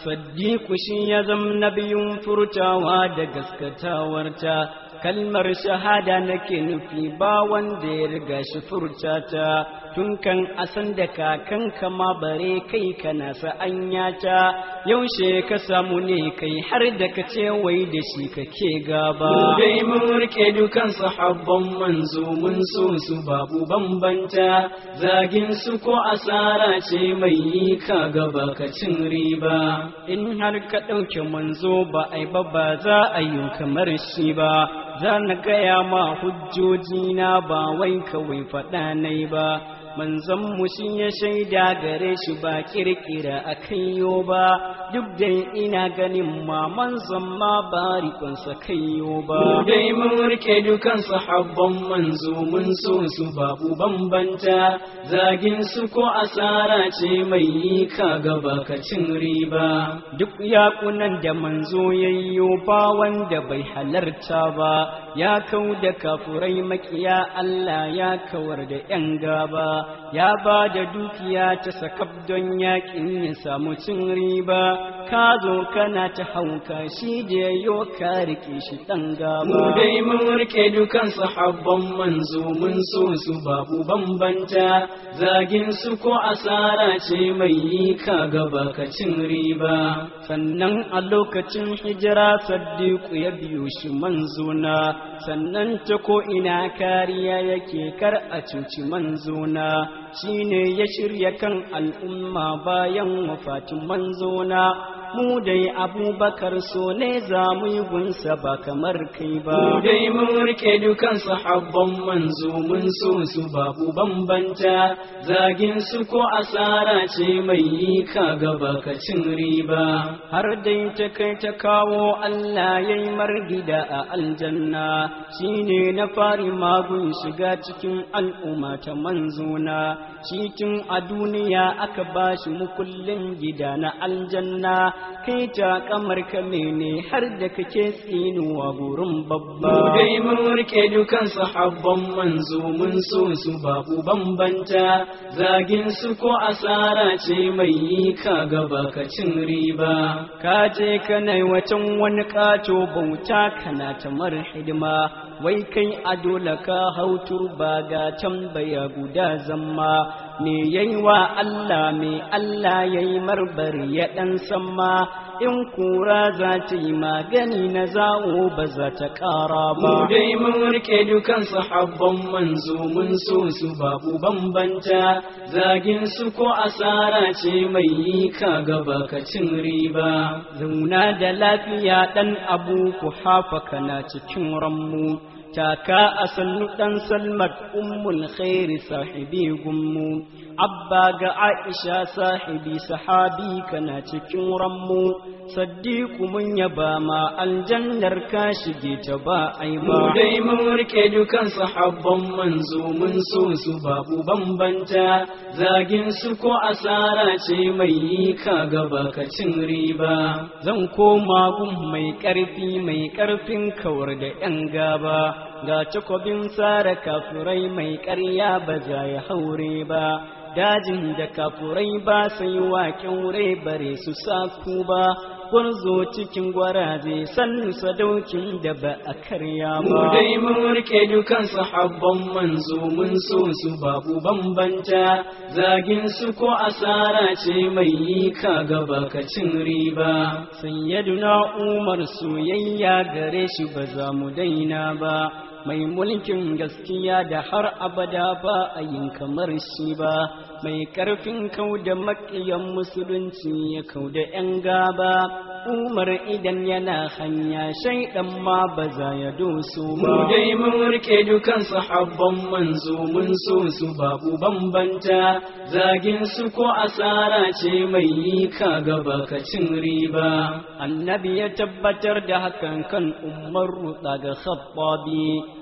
saddiku shi ya zam nabiyun furtawa da gaskatawarta kalmar shahada nake nufi ba wanda ya riga shi furtata. tun kan asan da kakan kama bare kai kana sa'anya ta yaushe ka samu ne kai har da ka ce wai da shi kake gaba dai mun rike dukan sahabban manzo mun so su babu bambanta zagin su ko asara ce mai yi ka gaba ka cin riba in har ka ɗauke manzo ba ai ba za a yi kamar shi ba za na gaya ma hujjojina ba wai kawai faɗa nai ba manzon mu sun ya shaida gare shi ba kirkira akan yo ba duk da ina ganin ma manzon ma ba rikonsa sa yo ba dai mun rike dukan sahabban manzo mun so su babu bambanta zagin su ko asara ce mai yi ka gaba baka cin riba duk yakunan da manzo yayyo ba wanda bai halarta ba ya kau da kafurai makiya Allah ya kawar da 'yan gaba ya ba da dukiya ta sakab don yaƙin ya samu cin riba ka zo kana ta hauka shi da yo ka rike shi ɗan gaba mu dai mun rike dukan sahabban manzo mun so su babu bambanta zagin su ko asara ce mai yi ka gaba ka cin riba sannan a lokacin hijira saddiku ya biyo shi manzona sannan ta ko ina kariya yake kar a cuci manzona ne ya shirya kan al'umma bayan wafatin manzona mu dai abubakar so ne za mu yi gunsa ba kamar kai ba mu dai mun rike dukan sahabban manzo mun so su babu bambanta zagin su ko asara ce mai yi ka gaba ka cin riba har dai ta kai ta kawo Allah yayi margida a aljanna shine na fari magun shiga cikin al'umma ta manzona shi tun a duniya aka ba shi mukullin gida na aljanna kai ta kamar ka mene har da kake tsinuwa burin babba dai mun rike dukan sahabban manzo mun so su babu bambanta zagin su ko asara ce mai yi ka gaba ka cin riba ka je ka nai wacan wani kato bauta kana ta mar hidima wai kai a dole ka hau turba ga tambaya guda zamma me yayi wa Allah mai Allah yayi marbar ya ɗan samma in kura za ta yi magani na zawo ba za ta ƙara ba mu dai mun rike dukan sahabban manzo mun so su babu bambanta zagin su ko asara ce mai yi ka gaba ka cin riba zauna da lafiya ɗan abu ku hafa kana cikin ranmu تاكا أسل نتنسل مد أم الخير صاحبي قمون abba ga aisha sahibi sahabi kana cikin ranmu saddiku mun yaba ma aljannar ka shige ta ba ai ba dai mun rike dukan sahabban manzo mun so su babu bambanta zagin su ko asara ce mai yi ka gaba ka cin riba zan koma gun mai karfi mai karfin kawar da yan gaba ga takobin tsara kafurai mai ƙarya ba za ya haure ba dajin da kafurai ba sai wa kyaure bare su saku ba kun zo cikin gwaraje sannu sadaukin da ba a karya ba. Mu dai mun rike dukan sahabban manzo mun so su babu bambanta zagin su ko asara ce mai yi ka gaba ka cin riba. sayyiduna Umar soyayya gare shi ba za mu daina ba. mai mulkin gaskiya da har abada ba a yin kamar shi ba mai ƙarfin kau da maƙiyan musulunci ya kau da ‘yan gaba, umar idan yana hanya shaiɗan ma ba za ya doso ba. Mu dai mun rike dukan sahabban manzo mun so su babu bambanta, zagin su ko asara ce mai yi ka gaba ka cin riba. Annabi ya tabbatar da hakan kan umar rutsa ga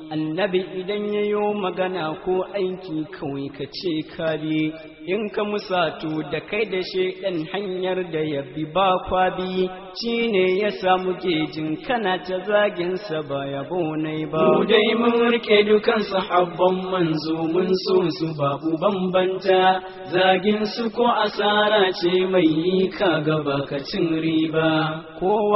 annabi idan ya yi magana ko aiki kawai ka ce kari in ka musatu da kai da shaidan hanyar da ya bi ba kwabi shi ne ya samu gejin kana ta zaginsa ba yabo nai ba mu dai mun rike dukan sahabban manzo mun so su babu bambanta zagin su ko asara ce mai yi ka gaba ka cin riba kowa